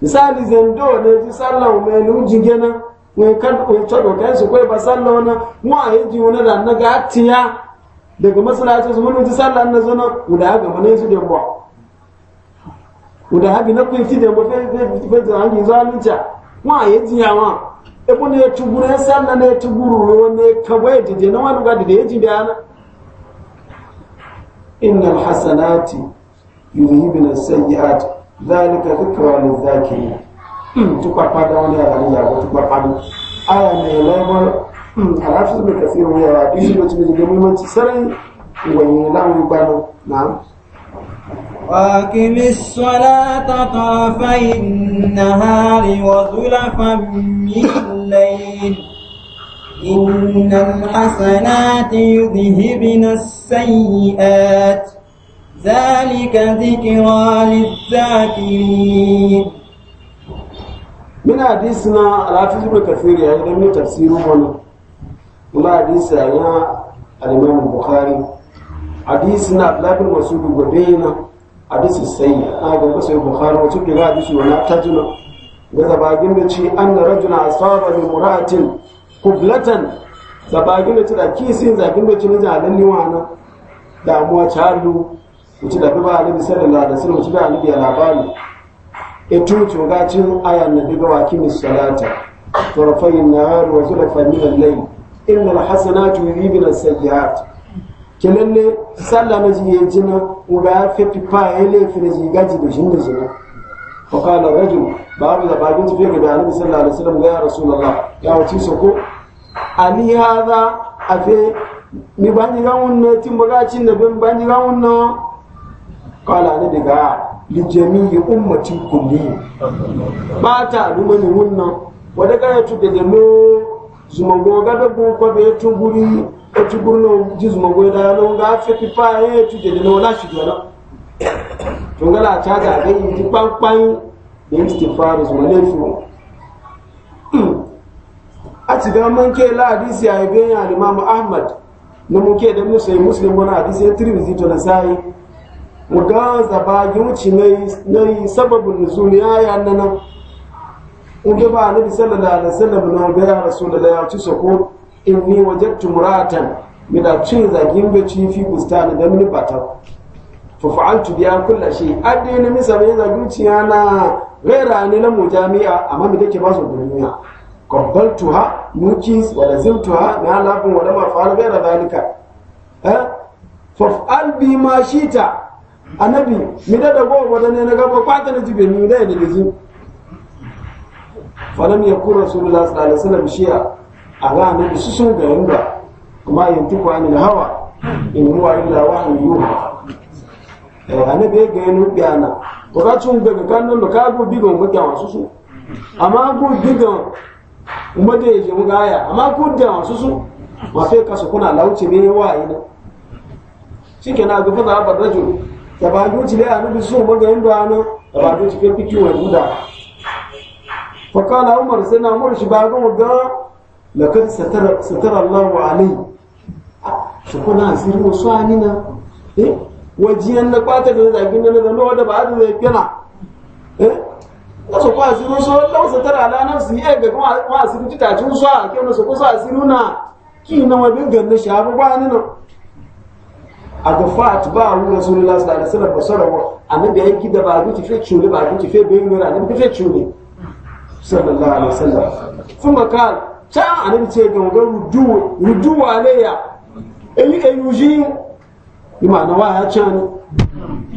misali zendo ne ti sallah o me lu jingena we kan we chodo kan su ko ba sallah na wa eji wona da na ga tiya daga masallaci su mun ti sallah na zona uda ga manen su de bo wòdà hagi na kwe fide mo fẹ́ẹ́ hangi zọ́ alújà wọ́n àyè ti yà wọn na etuguru ẹsẹ̀ na etuguru ro na ekagbo edidi na wọn lùgbà dìde ejì bíi àná. inna alhassanati yurihibina sayyi'at dhalika dhikra lidhakirin tukpa kpada wọn yàrá ni yàgò tukpa kpada aya na yàrá yàgò alhafiz bin kafir wọn yàrá وأقم الصلاة طرفي النهار وزلفا من الليل إن الحسنات يذهبن السيئات ذلك ذكرى للذاكرين من حديثنا الحافظ ابن كثير يعني من تفسيره هنا من حديث يعني الإمام البخاري حديثنا عبد الله بن مسعود غدينا hadisi sai a ga kusa yi wacce ke da hadisi wani tajina ga zabagin da ce an na rajuna tsawon da muratin kublatan zabagin da ce da kisin zagin da ce na jalalli na. damuwa calu wacce da duba alibi sallallahu alaihi wasallam wacce da alibi labari etu gacin ayan na daga wakin salata طرفي النهار وزلفا من الليل إن الحسنات يذيبن السيئات kelele sallah na ye jina uga ya fi pipa ya ile fi na jiga ji da shin da jina fa qala rajul ba'd da ba'd ji fi ga annabi sallallahu alaihi wasallam ga ya rasulullah ya wuce so ko ani hada afi mi bani ga wonno tin baga cin da ban bani ga wonno qala annabi ga li jami'i ummati kulli ba ta lumani wonno wada ga ya tude da mu zuma goga da ko ko be tunguri otu gburu na jizu ma gwai daya nan ga fi fifa ya yi tuje da nawa lashi jona tun gala ta ga gani ji kwankwan da yi faru fara zuwa laifin a ti ga man ke la hadisi ya yi bayan alimamu ahmad na ke da musa yi muslim wani hadisi ya tirmizi to na sayi mu ga zabagi wuce na yi sababin nuzul ya yi annana in ga ba annabi sallallahu alaihi wasallam na ga ya rasu da ya ci sokoro inni wajadtu muratan mina cin zagin da ci fi bustani da mini bata fa fa'altu biya kullu shay adde ne misa mai zagin ci yana gaira ni na mujami'a amma mi take ba su duniya ha nukis wa ha, na lafin wa ma fa'al gaira zalika eh fa fa'al bi ma shita annabi mi da da gowa da ne na gaba kwata ne jibe ni da ne da zu lam yakun rasulullah sallallahu alaihi wasallam shi'a ala na isu sun ga yanda kuma yantiku anil hawa in huwa illa yuha eh anabe ga yanu biana to ka tun daga kannan da ka go diga mu amma go diga mu da yake mu amma ka su kuna lauci ne wa ina shikenan ga fa za ba rajul da ba duci da anu bisu anu ba umar sai na ba ga lakad satara Allahu alai su kuna asirin wasu anina eh wajiyan na kwata da zagin na da lowa da ba da zai kana eh na su kwa asiri wasu lau satara ala yi eh ga kuma asirin asiri titaci wasu a kyau na su kusa asiri na ki na wabin ganna shi abu ba ni a ga fat ba a wu rasulullahi sallallahu alaihi wasallam basarawa annabi ya da ba a guci fe cule ba a guci fe bayin ne annabi fe cule sallallahu alaihi wasallam kuma kan can anabi ce ga ga rudu rudu alayya ayi ayuji ima na waya can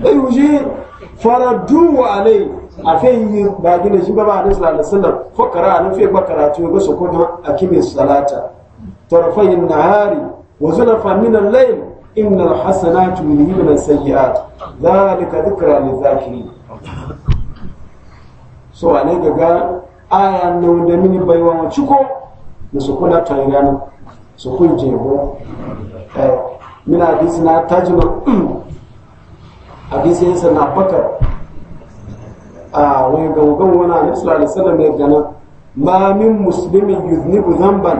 ayuji faradu alai a fayi ba gina shi ba ba da sallallahu alaihi wasallam fakara an fi ba karatu ga su kuma akimi salata tarfayin nahari wa zulfa min al-layl innal hasanatu yudhibna as-sayyi'at dhalika dhikra lidh-dhakirin so alai ga aya nan da mini baiwa ciko da su kula tangana su kun jego eh, mina hadisi na tajima <clears throat> hadisi yin sana bakar a wani gangan wani na sallallahu da wasallam mai gana ma min muslimin yuznibu zamban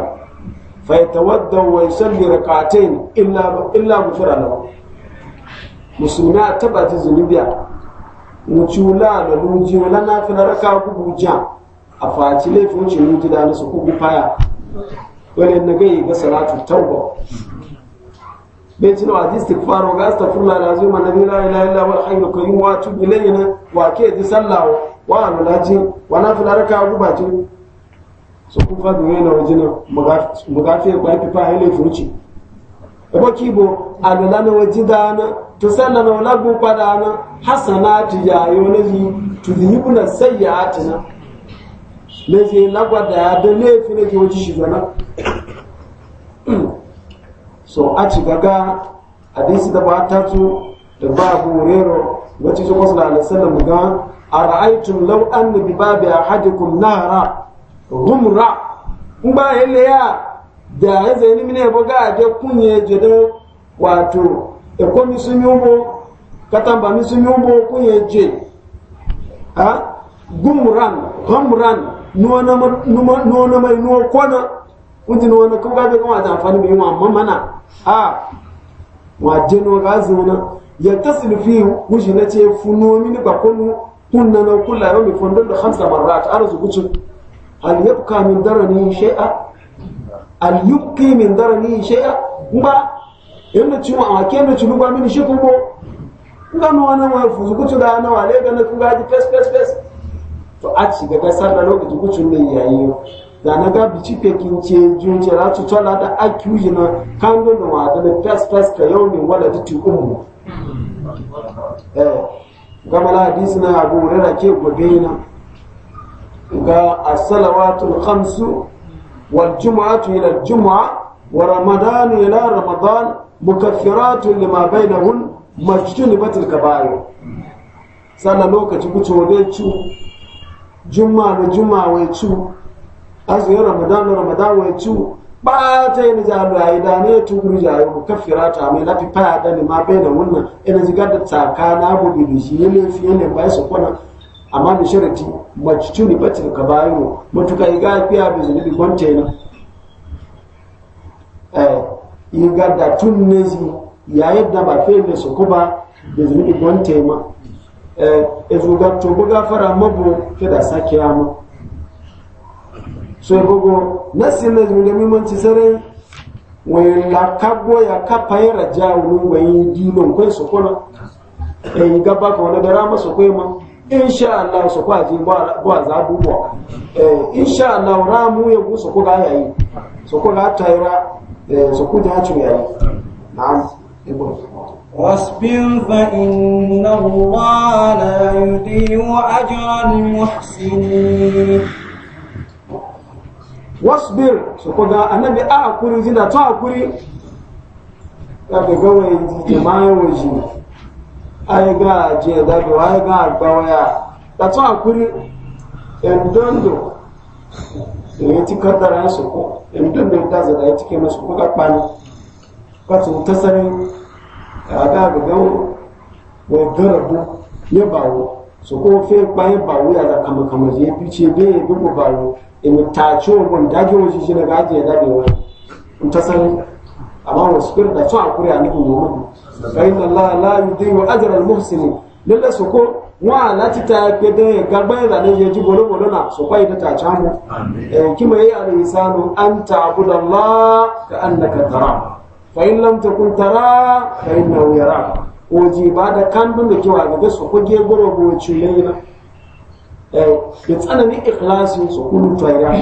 fa yatawadda wa yusalli rak'atayn illa illa musulmi a taba ji zunubiya mucula da lunji wala na fi raka kubu jiya, a faci laifin wuce mutu da nasu kuku faya wani yadda gai ga salatu tauba bai cin wa jisti faro ga asta fulla da zuwa na nira ila ila wa hanyar kayyum wa tu ilayna wa ke ji sallawa wa anulaji wa na fula raka guba ji so kufa fa duwe na wajen mugafe ba fi fa hele furuci ko kibo alula na da na to sanna na wula da wala hasana ti yayo na yoni tu yi kuna yibuna na na je lagwada ya da laifin na ke wace shi zana so a ci gaga hadisi da ba ta tu da ba abu rero wacce ta kwasa da mu ga a ra'aitun lau an da bi babu a hajjikun nara rumra in ba ya leya da ya zai ni mine ba ga da kunye jedo wato ekomi sun yi ubo katamba mi sun yi ubo kunye je ha gumran gumran nona nona mai no kona unti nona ko be ko ta amfani bi mu amma mana ha wa jeno ga zuna ya tasil fi wuji na ce funo mini ba kunu kunna na kula yau mi fondo da khamsa marrat arzu gucin hal yabka min darani shay'a al yubki min darani shay'a ba yanda ci mu a kenda ci lugwa mini shi kuma nga no wa fuzu gucin da na wale ga na kuga ji pes pes pes to a ci gaga sarra lokaci kucin nan yayi da na ga bici pekin ce junce ce na cuta da akiyu yi na kando wa da fes fes ka yau ne wala da ti umu eh, gama na hadisi na abu rana ke gobe na ga wa khamsu wal jumu'atu ila jumu'a wa ramadanu ila ramadan mukaffiratun lima bainahun majtunibatul kaba'ir sannan lokaci kucin ne ci juma da juma wai cu azumin ramadan da ramadan wai cu ba ta yi nija da yi da ne tu guri ja yi ka fira ta mai lafi faya da ni ma bai da wannan ina zigar da tsakana abu bi da shi yele fi yele ba su kwana amma da ne bacci ka bayan mu mutuka yi ga biya bi zunubi kwantena eh yi gada tun ne yayin da ba fiye da su kuba da zunubi kwantena Eh, ezuga tobo ma mabu kada sake ama so gogo nasi na zuga mimanci sarai wai la kagbo ya kapa ya raja wani wani dino kai su kuna e gaba ka wani dara masa kai ma insha Allah su kwa ji ba za dubo eh insha Allah egwu ya gusa ko ga yayi su ko ga tayra eh, su ko da ya yayi na'am e واصبر فإن الله لا يضيع أجر المحسنين واصبر سوكوغا النبي أكوري زيدا تأكوري daga gawai jama'ai waje Ya ga je daga ai ga gawaya da tun akuri endondo da ya ci kaddara su ko endondo ta zada ya ya kaga ga gan wa darabu ya bawo so ko fe pa ye bawo ya da kama kama je bice be ya bi bawo in ta ci wa mun daji wa shi na gaji ya dade wa in ta san amma wa spirit da tsawa kuri a nufin mu fa inna na la la yi yudhi'u ajra al muhsinin ne so ko wa a ti ta pe de gagba ya ne ya ji bolo bolo na so pa ta ta cha mu eh kima yayi al insanu an ta'budallaha ka annaka tarahu فإن لم تكن ترى فإنه يراك وجي بعد كان بند كي واجي بس هو جي برو بو تشيلينا إيه، يتصنع لي إخلاص وسكون تايرا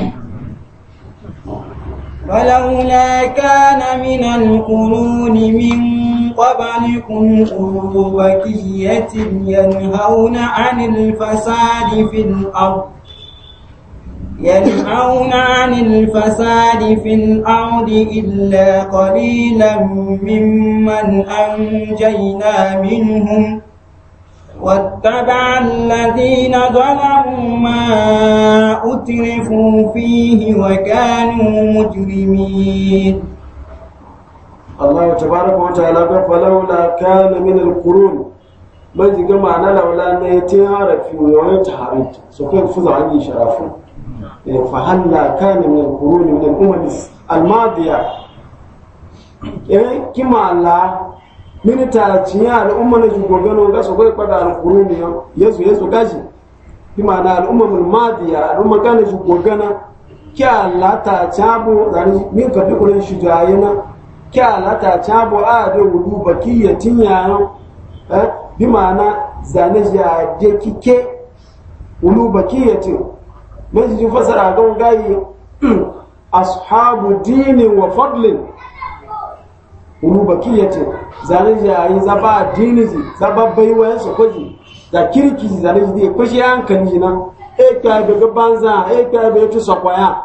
ولولا كان من القرون من قبلكم قوة ينهون عن الفساد في الأرض ينهون عن الفساد في الأرض إلا قليلا ممن أنجينا منهم واتبع الذين ظلموا ما أترفوا فيه وكانوا مجرمين الله تبارك وتعالى فلولا كان من القرون ما زي معنى لولا نيتي عرفي ويوم تحريت سوف يفوز عني شرفه فهلا كان من القرون من الأمم الماضية يعني كما الله من تاتيا الأمة نجو غوغانو غاسو غوي قدا القرون يزو يزو غاجي كما أنا الأمم الماضية الأمة كان نجو غوغانا كي الله تاتابو يعني من كبي قرن شجاينا كي الله تاتابو آدو ودو بكية تنيانا بما أنا زانجا جيكي كي ولو بكية تنيانا mun ji fasara ga gayi ashabu dinin wa fadlin ulubakiyati zanin yi zaba a dini ji zaba baiwayen su kwaji da kirki ji zanin ji kwashi hankali ji nan e ka daga banza e ka bai tu sakwaya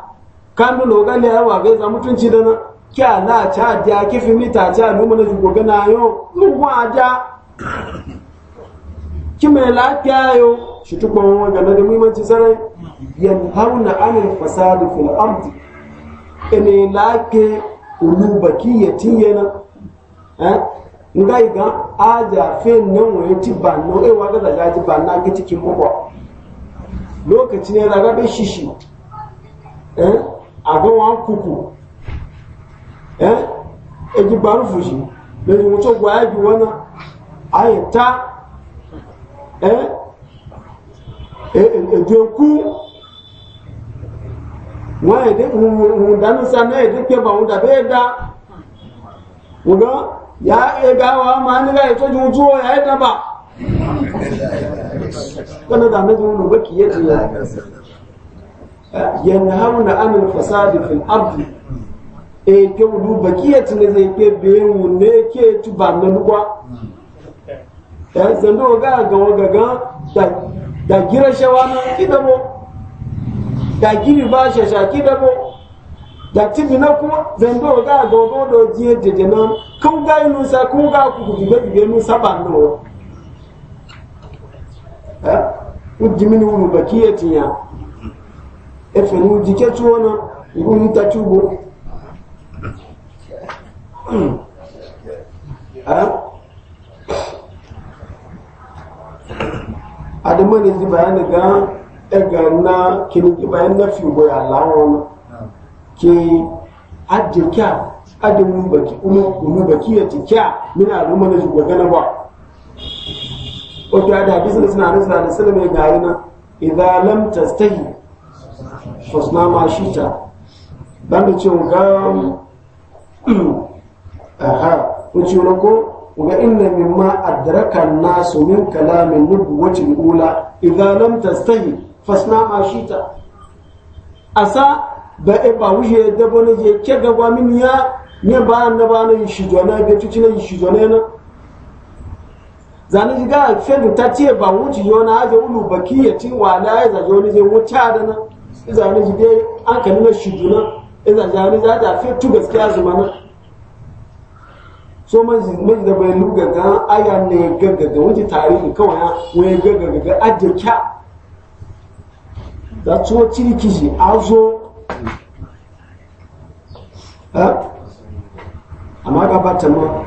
kan dulo ga ne yawa ga za mutunci da nan kya na cha dia ki fimita cha no mun ji goga na yo mun a ja ki kime lafiya yo shi tukon wa ga da muhimmanci sarai yanhauna anil fasadi fil ardi ene lake ulu bakiyati yana eh ngai ga aja fe nan waye ti banno e wa ga da ji banna ga cikin bubo lokaci ne daga be shishi eh aga wa kuku eh e ji baru fushi be mu to gwa ji wana ayata eh èdèkú wọ́n èdè hùn dánísà náà èdè kébà hùn dàbí ẹ̀dá wùdọ́ ya ẹ̀gá wa máa nígbà ìtọ́jú ojú ọ̀yà ẹ̀dàbà kọ́nà dà méjì wọn lọ́gbẹ́ kìí ètò yẹn yẹn hàn na àmì fasadi fil abdi èké e wùdú bàkí k'e ní èké bẹ́ẹ̀ wù ní èké ètò bà mẹ́lúgbà ẹ̀ sẹ́ndọ̀ ga àgàwọ̀ gàgán da gira shawana kidabo da giri ba shasha kidabo da tibi na kuma zando ga gogo do jiye jeje nan kun ga inu sa kun ga ku ku bibe bibe nu saba no eh u jimini wu bakiye tinya e fe nu jike tuona ibu ni ta tubo eh hmm. adama ne ji bayani ga daga na kini ki bayan na fi goya lawon ke adje kya adamu baki umu umu baki ya ti kya mina al'umma na shugaba gana ba wato adi da hadisi da suna nasu da salama ya gari na idan lam tastahi fasna ma shi ta ban da cewa ga <clears throat> aha wuce ko ga inna mimma adraka nasu min kalamin nubuwatin ula idan lam tastahi fasna ma shita asa ba e ba wuje da bone je ke ga wa min ya ne ba na ba na shi jona be tuci na yi shi jona na zani ga fen ta ce ba wuci yona aje ulu bakiya ti wala ya za jona je wuta da na zani je an kan na shi jona idan zani za ta fe tu gaskiya zuma na so mai da bai luga ga aya ne gaggaga wajen tarihi kawai ya wani gaggaga ga ajiye da tso ciriki shi a zo eh? amma gabata ma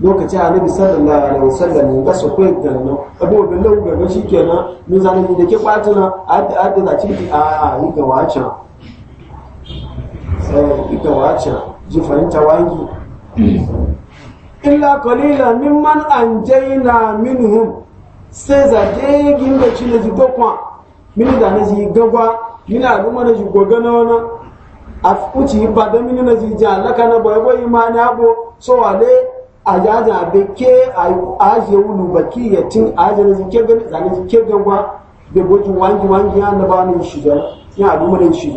lokaci a nabi sallallahu alaihi wasallam ga su kai da nan abu da lau ga shi kenan mun zalimi da ke kwatuna adda adda da ciriki a a yi ga wace eh, sai ita wace ji fahimta wangi illa qalila mimman anjayna minhum sai zage gimbe ci na jigo kwa mini da na ji gagwa mini al'umma na jigo na wana a kuci ba da mini na ji jan alaka na boye boye ma na bo so wale a jaja be ke a aje wulu baki ya tin aje na jike gani zane jike gagwa da wangi wangi ya na ba ni shi jan ya al'umma na shi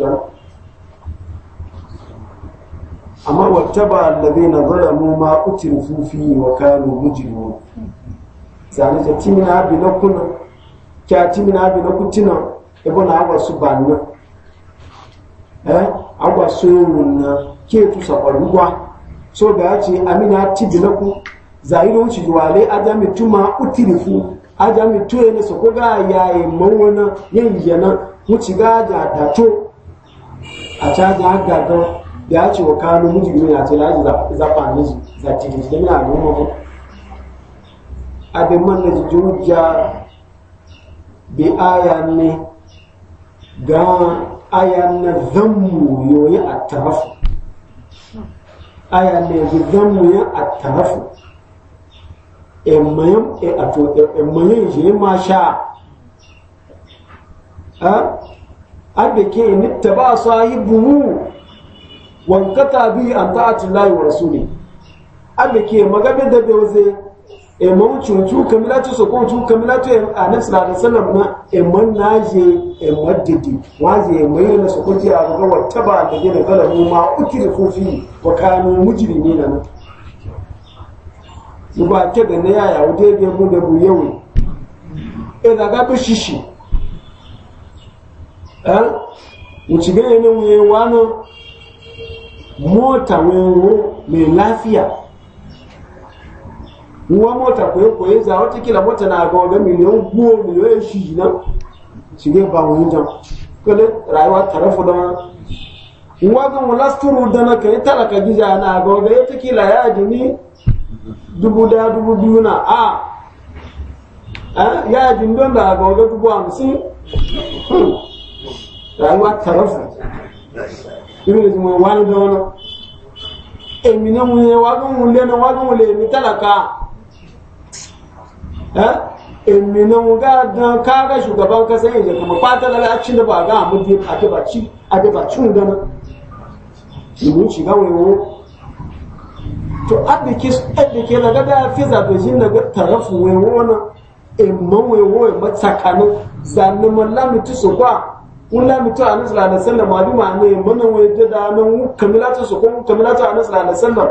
amma wattaba alladhina zalamu ma utrifu fihi wa kanu mujrimun zane ta timina bi na kuna kya timina bi na kutina ebo na agwa su banna eh agwa su runna ke tu sabaruwa so da ya ce amina ti bi na ku zairo ci juwale ajami tuma utrifu ajami tuye ne so ko ga yaye mawana yayyana mu ci ga da to a caja ga da ya ce wa kanu yi na ce laji za ne ni za ti ji na mu mu abin man na jujja bi aya ne ga aya na zammu yoyi a tarafu aya ne ga zammu ya a tarafu emmayan e ato emmayan e e, e je ma sha a abike ni taba sahibu wankata bi an ta'ati lahi wa rasuli alle ke magabe da be waze e mon chuchu kamila tu so ko chu kamila a anas sallallahu alaihi wasallam na e mon naje e waddidi waje e mai na so ko ji a ga wata ba da gidan galamu ma ukiri kufi wa kanu mujrimi na ba ke da ne yaya wude be mu da bu yawe e da ga shishi eh mu ci ga ne mu yi wani mota wewo mai lafiya uwa mota kwaye kwaye za watakila mota na ga waga miliyan goma miliyan shi na shi ne ba wani jam kale rayuwa tarafu da uwa ga mulasturu da na kai talaka gija na ga waga watakila ya ni dubu daya dubu biyu na a ya jini don da ga waga dubu hamsin hmm. rayuwa fu. nínú ìtumọ̀ wá ní dánwó náà èmi náà mo yẹ wá lóhun lẹ́nu wá lóhun lè mi tálàkà èmi náà mo gá dán káàkà shugaban kasa yin jẹ kama pátá lára acin da ba ga amudi adebaci adebacin dana ìlú ci gáwọn ìwọ to adike na gada fi zabejin na ga tarafu wewo na emman wewo emma tsakanin zanen mallamitu su kwa kula mutu a nasala da sallam ma bi ma'ana ya mana wai da da nan kamila ta su kun kamila ta nasala da sallam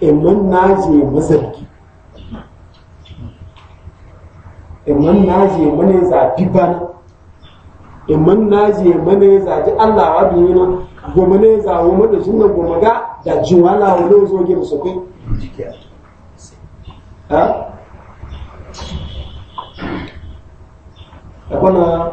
e mun naje mazarki e mun naje mana zafi bana e mun naje mana zaji Allah wa bi ne goma ne za wo mata shi na goma ga da jiwala wa wani zo gina su kai ha da kuma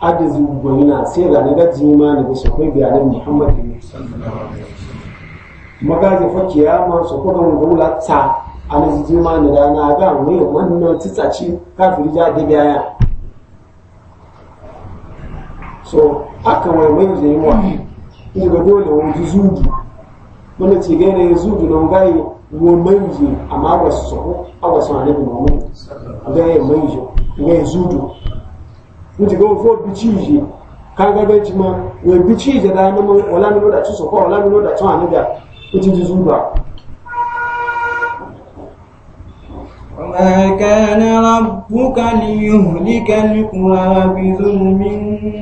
adda na sai ga daga jima na ba su kai bayanan muhammad ne magaji fa kiyama su kuma ụlọ ta ana jima ne da na ga mu wannan tsatsaci kafiri ja so aka wai mai zai wa in ga dole wani zuzu wanda ce gaina ya na don gaye wo manje wuce ga wofo biciji kaga bai ci ma wai biciji da na wala mino da ci so wala mino da ci wani da wuce وما كان ربك ليهلك القرى بظلم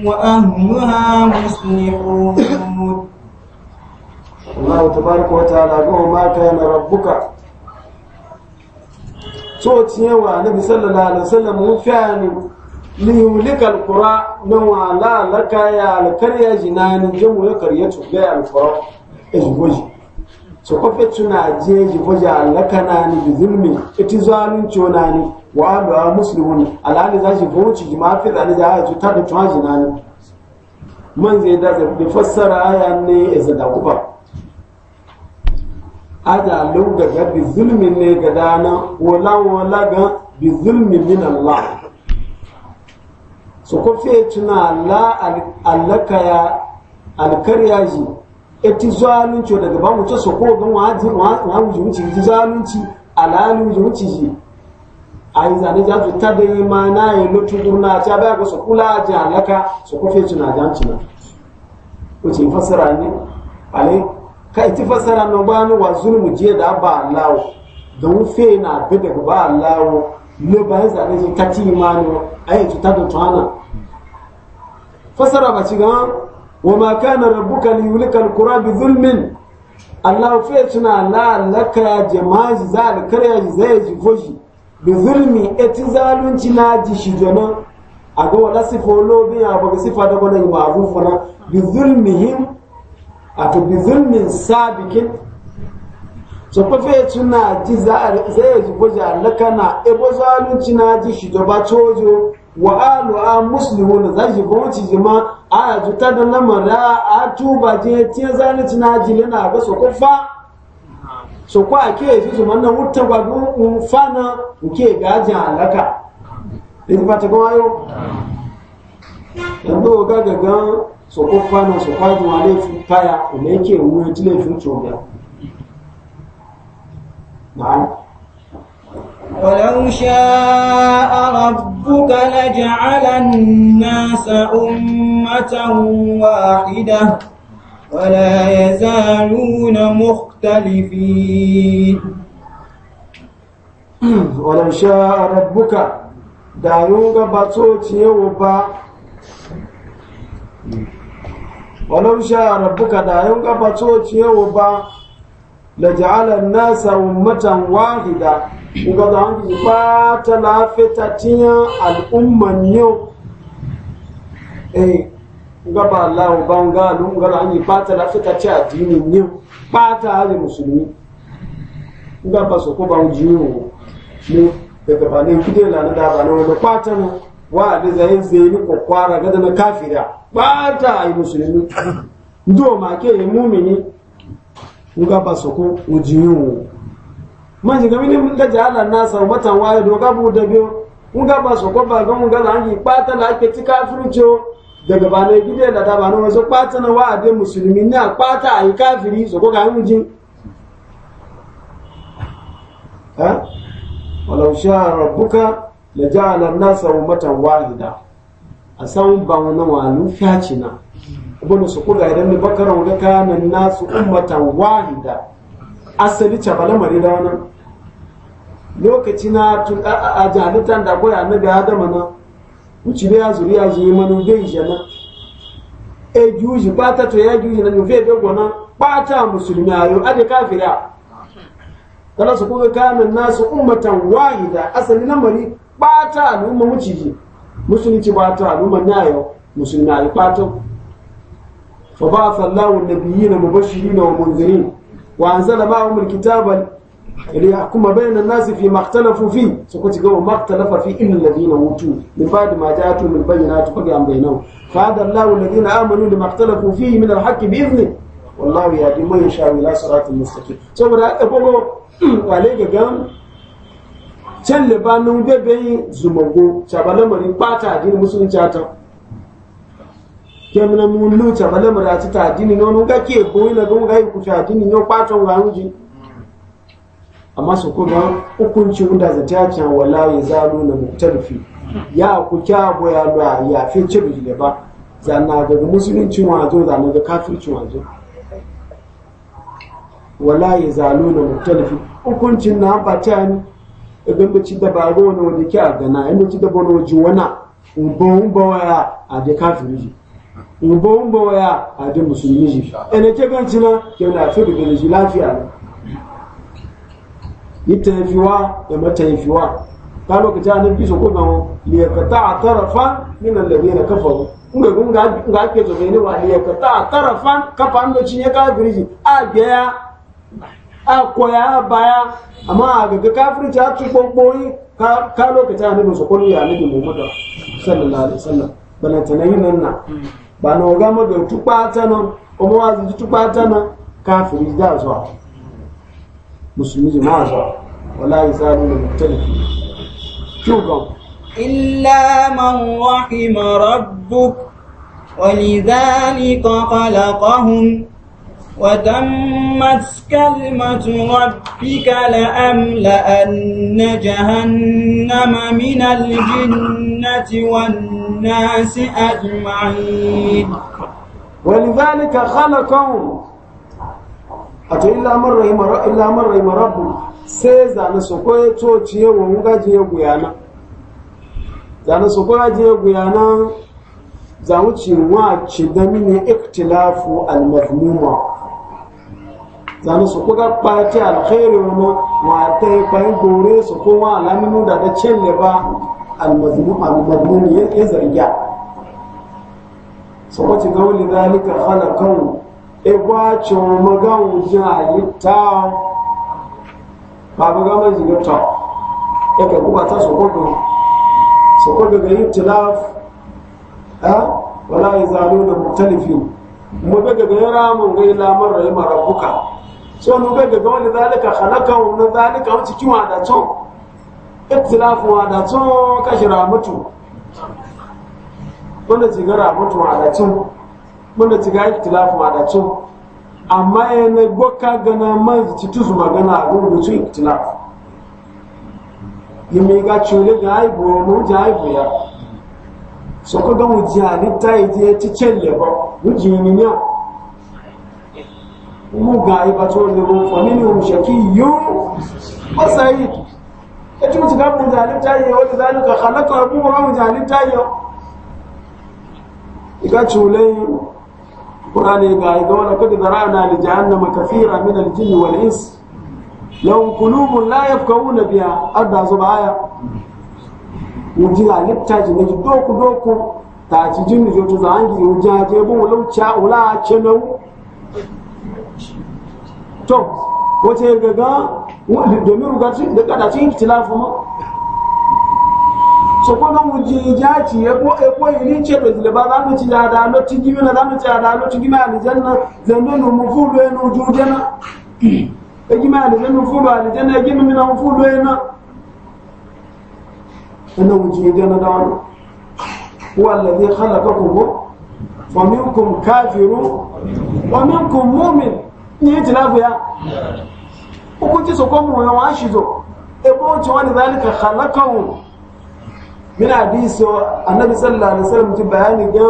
وأهلها مصلحون الله تبارك وتعالى وما كان ربك so ciyewa na bisallallahu alaihi wasallam mun fiya liyulika alqura na wala laka ya alkarya jinani jamu ya karyatu ga alqura ejigoji so ko fetu na jeji goja alaka na ni bizulmi iti zalunci na ni wa da muslimun alali za shi goci jima'i da ni ja ta da tuwa jinani man zai da zai fassara aya ne ya zada kuba ada lauga ga bizulmin ne ga dana wala wala ga bizulmin min Allah su kofe tuna allaka ya alkarya ji eti zalunci daga ba mu mutu su ko gan wa wuce wuce ji zalunci alali wuce wuce ji a yi zane ja su ta da yi ma na yi lutu durna ta baya ga su kula ji allaka su kofe tuna jan tuna wuce fasara ne ale ka iti fasara na ba ni wa zulmu je da ba allawo don fe na bi daga ba lawo. le bayan zane ji kati imanu ayi tuta da tuwana fasara ba ci gan wa ma kana rabbuka li yulika alqura bi zulmin allah fa tuna la laka jama'i zal karya zai ji foshi bi zulmi etizalunci na ji shi jona a ga wala sifo lobi ya ba sifa da gona ba rufana bi zulmihim ato bi zulmin sabikin so ko fe tuna ji za zai ji boja lakana e bo zalunci na ji shi ba tojo wa alu a muslimun za shi gwamnati jima a ya juta da lamara a tuba je tiye zalunci na ji lena ga so ko fa so ko a ke ji zuma na wuta ba mu fana ke gajin alaka ɗin ba ta gwa yau yanzu ga gagan so ko fana so kwajin wa laifin faya kuma yake wuyan tilafin cobiya نعم ولو شاء ربك لجعل الناس أمة واحدة ولا يزالون مختلفين ولو شاء ربك دايوغا باتوتي وبا ولو شاء ربك دايوغا باتوتي وبا la ja'ala an-nasa ummatan wahida uga da an ji ba ta lafita tinya al-umman yau eh uga ba Allah ba uga lu uga an ji daga ba ne la na da ne wanda wa da ga da na kafira ba ta ai musulmi ndo ma ke mumini nga ba soko ujiyu manje ga mini nga jala nasa umata wayo do ga buda biyo nga ba soko ba ga mun ga langi pata la ke tika furjo daga ba ne gide da da ba no so pata na wa muslimi na pata ai kafiri soko ga mun ha walau sha rabbuka la jala nasa umatan wahida asan ba wani walu fiacina bunu su kula idan ni bakara wuga kanan nasu ummatan wahida asali ce mari da wani lokaci na tun a jahalitan da koya annabi adama na wuci da ya zuriya ji manu bai jana e juji bata to ya juji na nufe be gona bata musulmi ayo ade kafira kala su kuga kanan nasu ummatan wahida asali na lamari bata al'umma wuci ji musulunci bata al'umma na yau musulmi ayo bata فبعث الله النبيين مبشرين ومنذرين وأنزل معهم الكتاب ليحكم بين الناس فيما اختلفوا فيه سكوت جو ما اختلف فيه إلا الذين أوتوا من بعد ما جاءتهم البينات فقي عن بينهم فهذا الله الذين آمنوا لما اختلفوا فيه من الحق بإذنه والله يهدي من يشاء إلى صراط المستقيم سورة أبوه وعليك جام can libanin bebe zumago shabalamarin bata addinin musulunci ta kemna na mu lu ta bala mura ta ta dini no no ga ke boy na go ga ku ta dini no pa ton ga uji amma su ko ga hukunci unda za ta ta wala ya zalu na muktarfi ya ku kya boya da ya fi bi da ba na ga zo za na ga kafirci wazo wala ya zalu na muktarfi hukuncin na ba ta ni idan ba ci da ba go na wani kya gana idan ba ci dabaro ji wana ubon bawa a da ji. ubo umbo ya a da musulmi shi ene ke ganci na ke na fi da shi lafiya yi taifiwa da e mataifiwa e ta lokaci a nufi su kuma liyakata a tarafa min allabi na kafaru nga gunga nga ake zo ne wa liyakata a tarafa kafa an doci ya kafiri shi a gaya a koya a baya amma a gaga kafiri ta ci kwankwoyi ka lokaci a nufi su kuma ya nufi muhammadu sallallahu alaihi wasallam balantana yi nan na bana oga mabe tukpata na omo wa zuci tukpata na kafiri da zuwa musulmi jama'a zuwa wala yi zaru da mutalifi kyugan illa man rahima rabbuk ولذلك خلقهم وتمت كلمة ربك لأملأن جهنم من الجنة والناس أجمعين ولذلك خلقهم أتو إلا من رحم إلا من رحم ربه سيزا نسوكوي توتيه ومغاجي يغيانا زانا سوكوي يغيانا زاوتي واتشي دمين اختلاف المذمومه zane su kuka kpati alkhairi wani wata ya bayan gore su kuma alaminu da da celle ba almazmun ya zargiya su kwace ga wani zalika halakan igwace e magawu jin halitta ba ga gama jigata ya e ka guba ta su kwaga su kwaga ga yi tilaf wala ya zalo da mutalifi mu daga ga yi ramun ga yi lamar rayu marabuka so nu be daga wani zalika halaka wani zalika wani cikin wadatun itilafin wadatun kashi ramutu wanda ci ga ramutu wadatun wanda ci ga itilafin wadatun amma yana gboka gana man ci tuzu magana a rubutu itilaf yi mai ga cule ga haibu wani wujen haibu ya so ko don ya muga yi ba to da ro fa min hum shakiyyun wa sa'id e tu mutu gabu zalim ta yi wani zalika khalaqa abu ma mu zalim ga yi ga wala kad zara'na li jahannam kathira min la ta to wace gaga domin rugatun da kadacin ikhtilafu ma so ko don wuji jaci ya ko e ko irin ce to da ba za mu ci da da lotin gibi na za mu ci da da lotin gibi aljanna zando no mu fulu e no jujana e gibi aljanna fulu aljanna e gibi mina fulu e na ana wuji jana da wani huwa alladhi khalaqakum wa minkum kafirun wa minkum mu'min ni itilafu ya hukunci su kuma ya washi zo ebo wace wani zalika khalaqahu min hadisi annabi sallallahu alaihi wasallam ji bayani ga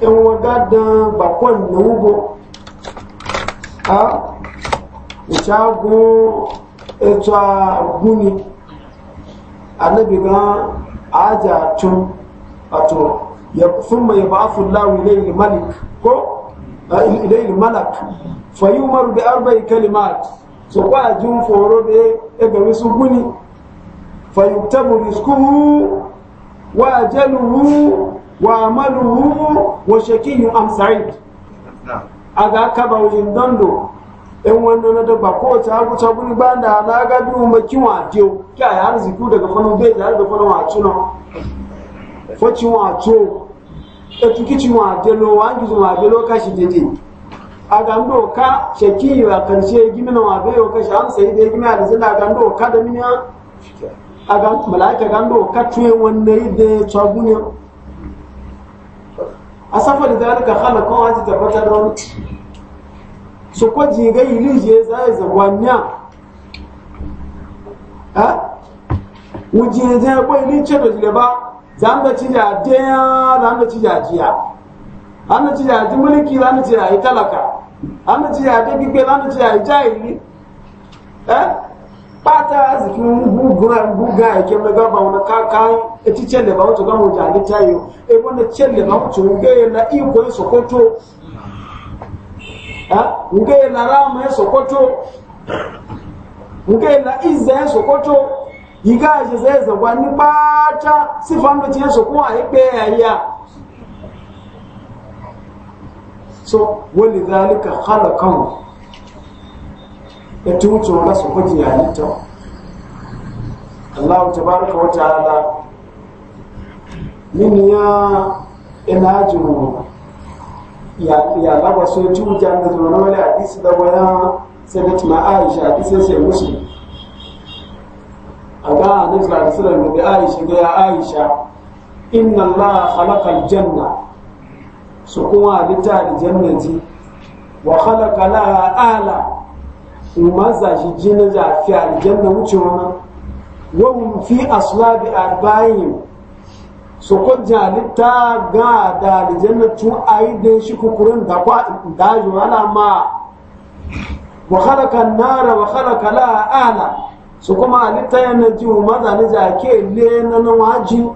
en waga da bakon na wugo a shago eto guni annabi ga aja tun ato ya thumma yab'athu Allahu ilayhi malik ko ilayhi malak fayumar bi arba'i kalimat so kwa jin foro be e ga wisu guni fayuktabu rizquhu wa ajaluhu wa amaluhu wa shakiyyu am sa'id aga kaba wujin dondo en wanda na da ba ko ta hagu ta guni banda na ga bi mu bakin wa dio kai har ziku daga fano be da daga fano wa tuno fo ci wa to e tuki ci wa de wa ngi wa de lo kashi dede a gando ka shaki a karshe gimi na wabe yau ka sha'an sai dai gimi da zina gando ka da mini a gando mala'ika gando ka tuye wanne yi da tsagunya a safa da zalika halakon hajji tabbata da wani su kwa jiga ilin je za a zagwanya ha wujin je kwa ni ce da jileba za mu da cija daya za mu da cija jiya an da cija ji mulki za mu da cija talaka àmìtí àdé gbígbé lámìtí àìjá ìlú ẹ́ pátá àzìkí gúgá ẹ̀kẹ́ mẹ́gá wọn káàkàá etí chẹ́lẹ̀ bá wọ́n gáwọn jà ní táyọ̀ ebọ́n ní chẹ́lẹ̀ bá wọ́n tó na ìkó ìsọ̀kọ́tò ń na ráàmù ìsọ̀kọ́tò ń na ìzẹ̀ ìsọ̀kọ́tò yìí gáà ṣe zẹ́ ní pátá sífà ń bẹ̀ tí ìsọ̀kọ́ àyípẹ́ ẹ̀yà so wani zalika halakan ya tuce wani su kwaji halitta Allah ta baraka wa ta'ala min ya ina jiru ya laba so ci wujan da zuwa wani hadisi da waya sai da tuma aisha hadisi sai musu a ga a nufi da aisha da ya aisha inna Allah halakar janna su kuma da jannati wa khalaqa laha ala umman shi jina da fi aljanna wuce wannan wa hum fi aslabi arba'in su ko jalita ga da aljanna tun ayi da shi kukurin da kwa da juwala ma wa khalaqa an-nara wa khalaqa laha ala su kuma halitta yana ji umman zashi ke le na wajibi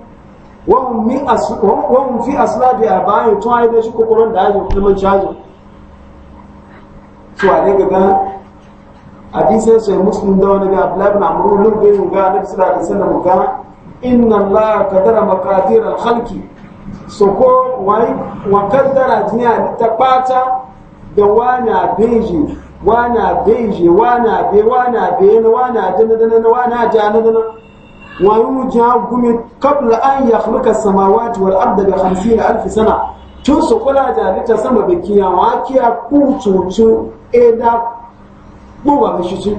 wọ́n fi asíláàdì àbáyé tún ayé da kòkòrò dáájò fílmọ̀n ṣáájò tó wà ní gaga àdísẹ́sẹ̀ muslim da wani ga abdullahi na muru lubbe mu ga na fisira da sanar mu ga inna allah kadara makadir alhalki so ko wai wa kaddara jiniya ta bata da wani abeji wani abeji wani abe wani abe na wani ajanadana na wani ajanadana ويوجع قمت قبل أن يخلق السماوات والأرض بخمسين ألف سنة tun su kula jarita sama da kiyawa kiya ku cucu eda gboba da shi ci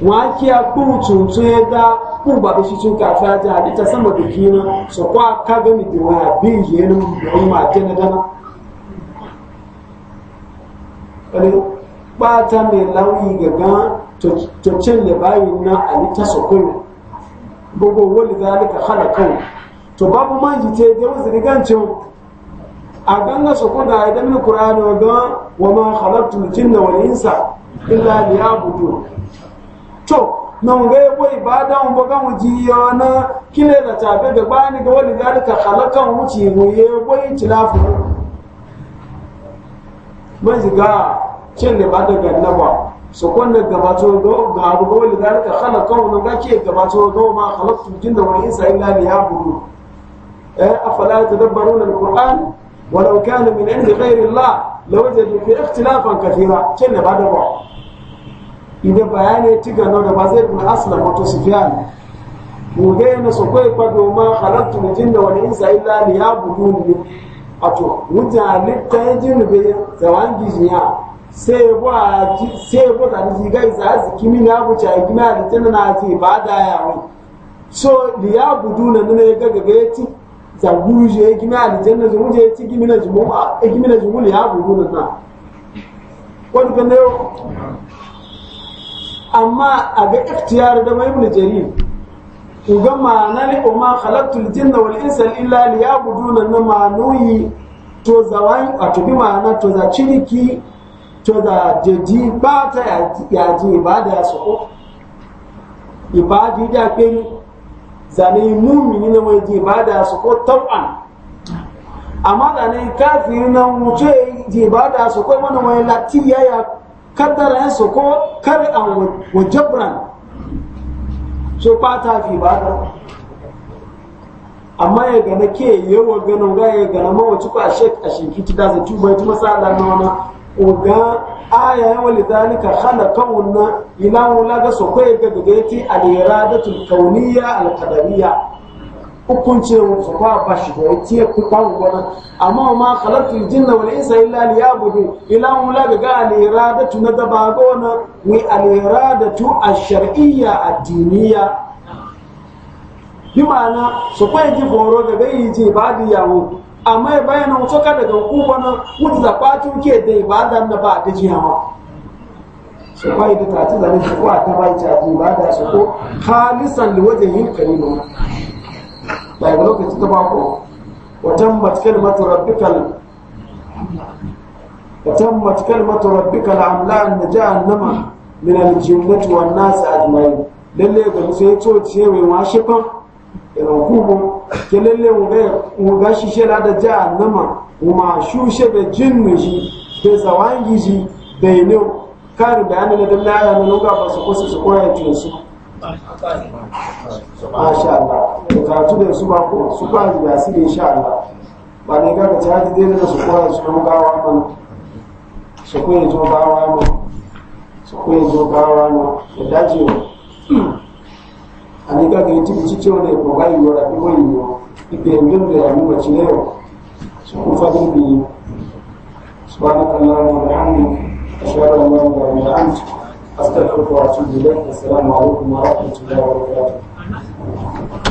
wa kiya ku cucu eda gboba da shi ci kafin a jarita sama da kina su kwa ka gami da waya bin yenin na dana ɓata mai lauyi ga gan to canya bayan na a yi ta sokun gogo wani zalika halakau to babu man jite da wasu rigancin a ganga sokoyo da idan mini kur'ani ga wa ma halartun da wani insa illa liyabudu to nonga yebo ibada umboga na kile da tabe da bani ga wani zalika khalaqa muci muye boy tilafu manzi ga cin da bada daga nabawa so kwanne gabato ga abu ga wani zalika halaka wani ga ke gabato ga ma jin da wani insa illa ne ya buru eh afala ta dabbaru na alquran walau kana min indi ghairi allah lawajadu fi ikhtilafan kathira ce ne ba da ba idan bayani tiga no da ba zai bin aslam wato sufyan gobe na so kai do ma jin da wani insa illa ne ya buru ato mutane ta jinna bai zawangi jiya sai bo da ni ga za su kimi na buca ya gina da tana na ce ba da ya wai so da ya budu na nuna ya gaga ga ya ci za guje ya gina da tana zuwa ya ci gimi na jimu a gimi na jimu ya budu na na wani kan da yau amma a ga ikhtiyar da mai ibn jarir uga ma'ana ne o ma khalaqtul jinna wal insa illa ya liyabuduna na ma nuyi to zawan a tubi ma'ana to za ciniki to da jeji ba ta yaji ibada ya so ibadi da pe zane mumini ne wai ji ibada ya so ko tab'an amma zane kafiri na mutu ji ibada ya so ko mana wai ya kaddara ya so ko kar an wajabran so ba ta fi ibada amma ya gana ke yawa ganin ga ya gana mawaci ko a shek da zai tuba ita masala na Oga aya kawun na ina wula ga so ko ga daga al iradatul kauniyya al qadariyya hukunce so kwa ba shi ko tie ku ta ngona amma ma khalaqtul jinna wal insa illa gudu ila wula ga al iradatu na daba gona wi al iradatu a shar'iyya a diniya bi ma'ana so ko ji foro daga yi ji ba yawo amma ya bayyana wato ka daga kuma na wuce da fatin ke da ibada na ba ta jiya ma su kai da tatu zane su kuwa ta bai ta ba ibada su ko da wajen yin kari wajhin Ba da lokaci ta bako wa tammat kalimatu rabbikal wa amla kalimatu rabbikal amlan najannama min al-jinnati wan nas ajma'in lalle ga sai to ciye mai washe fa hukumu kelele nga shishe la da jahannama uma shushe be jinnu shi da zawangi shi da yinu kari bayanin da dalla ya nuna ga ba su kusa su koya ce su masha Allah bukatu da su ba ko su ba da su insha Allah ba ne ga ta haji dai da su koya su mun gawa mun su koya jo gawa mun su koya jo gawa mun da dajiyo anika ga yiti cice wani ya koga yi wara ko yi yiwa ike yin da ya nuna ci yau su kun fadin bi subhanaka allahumma wa bihamdika ashhadu an la ilaha illa anta astaghfiruka wa atubu ilayk assalamu alaikum wa rahmatullahi wa barakatuh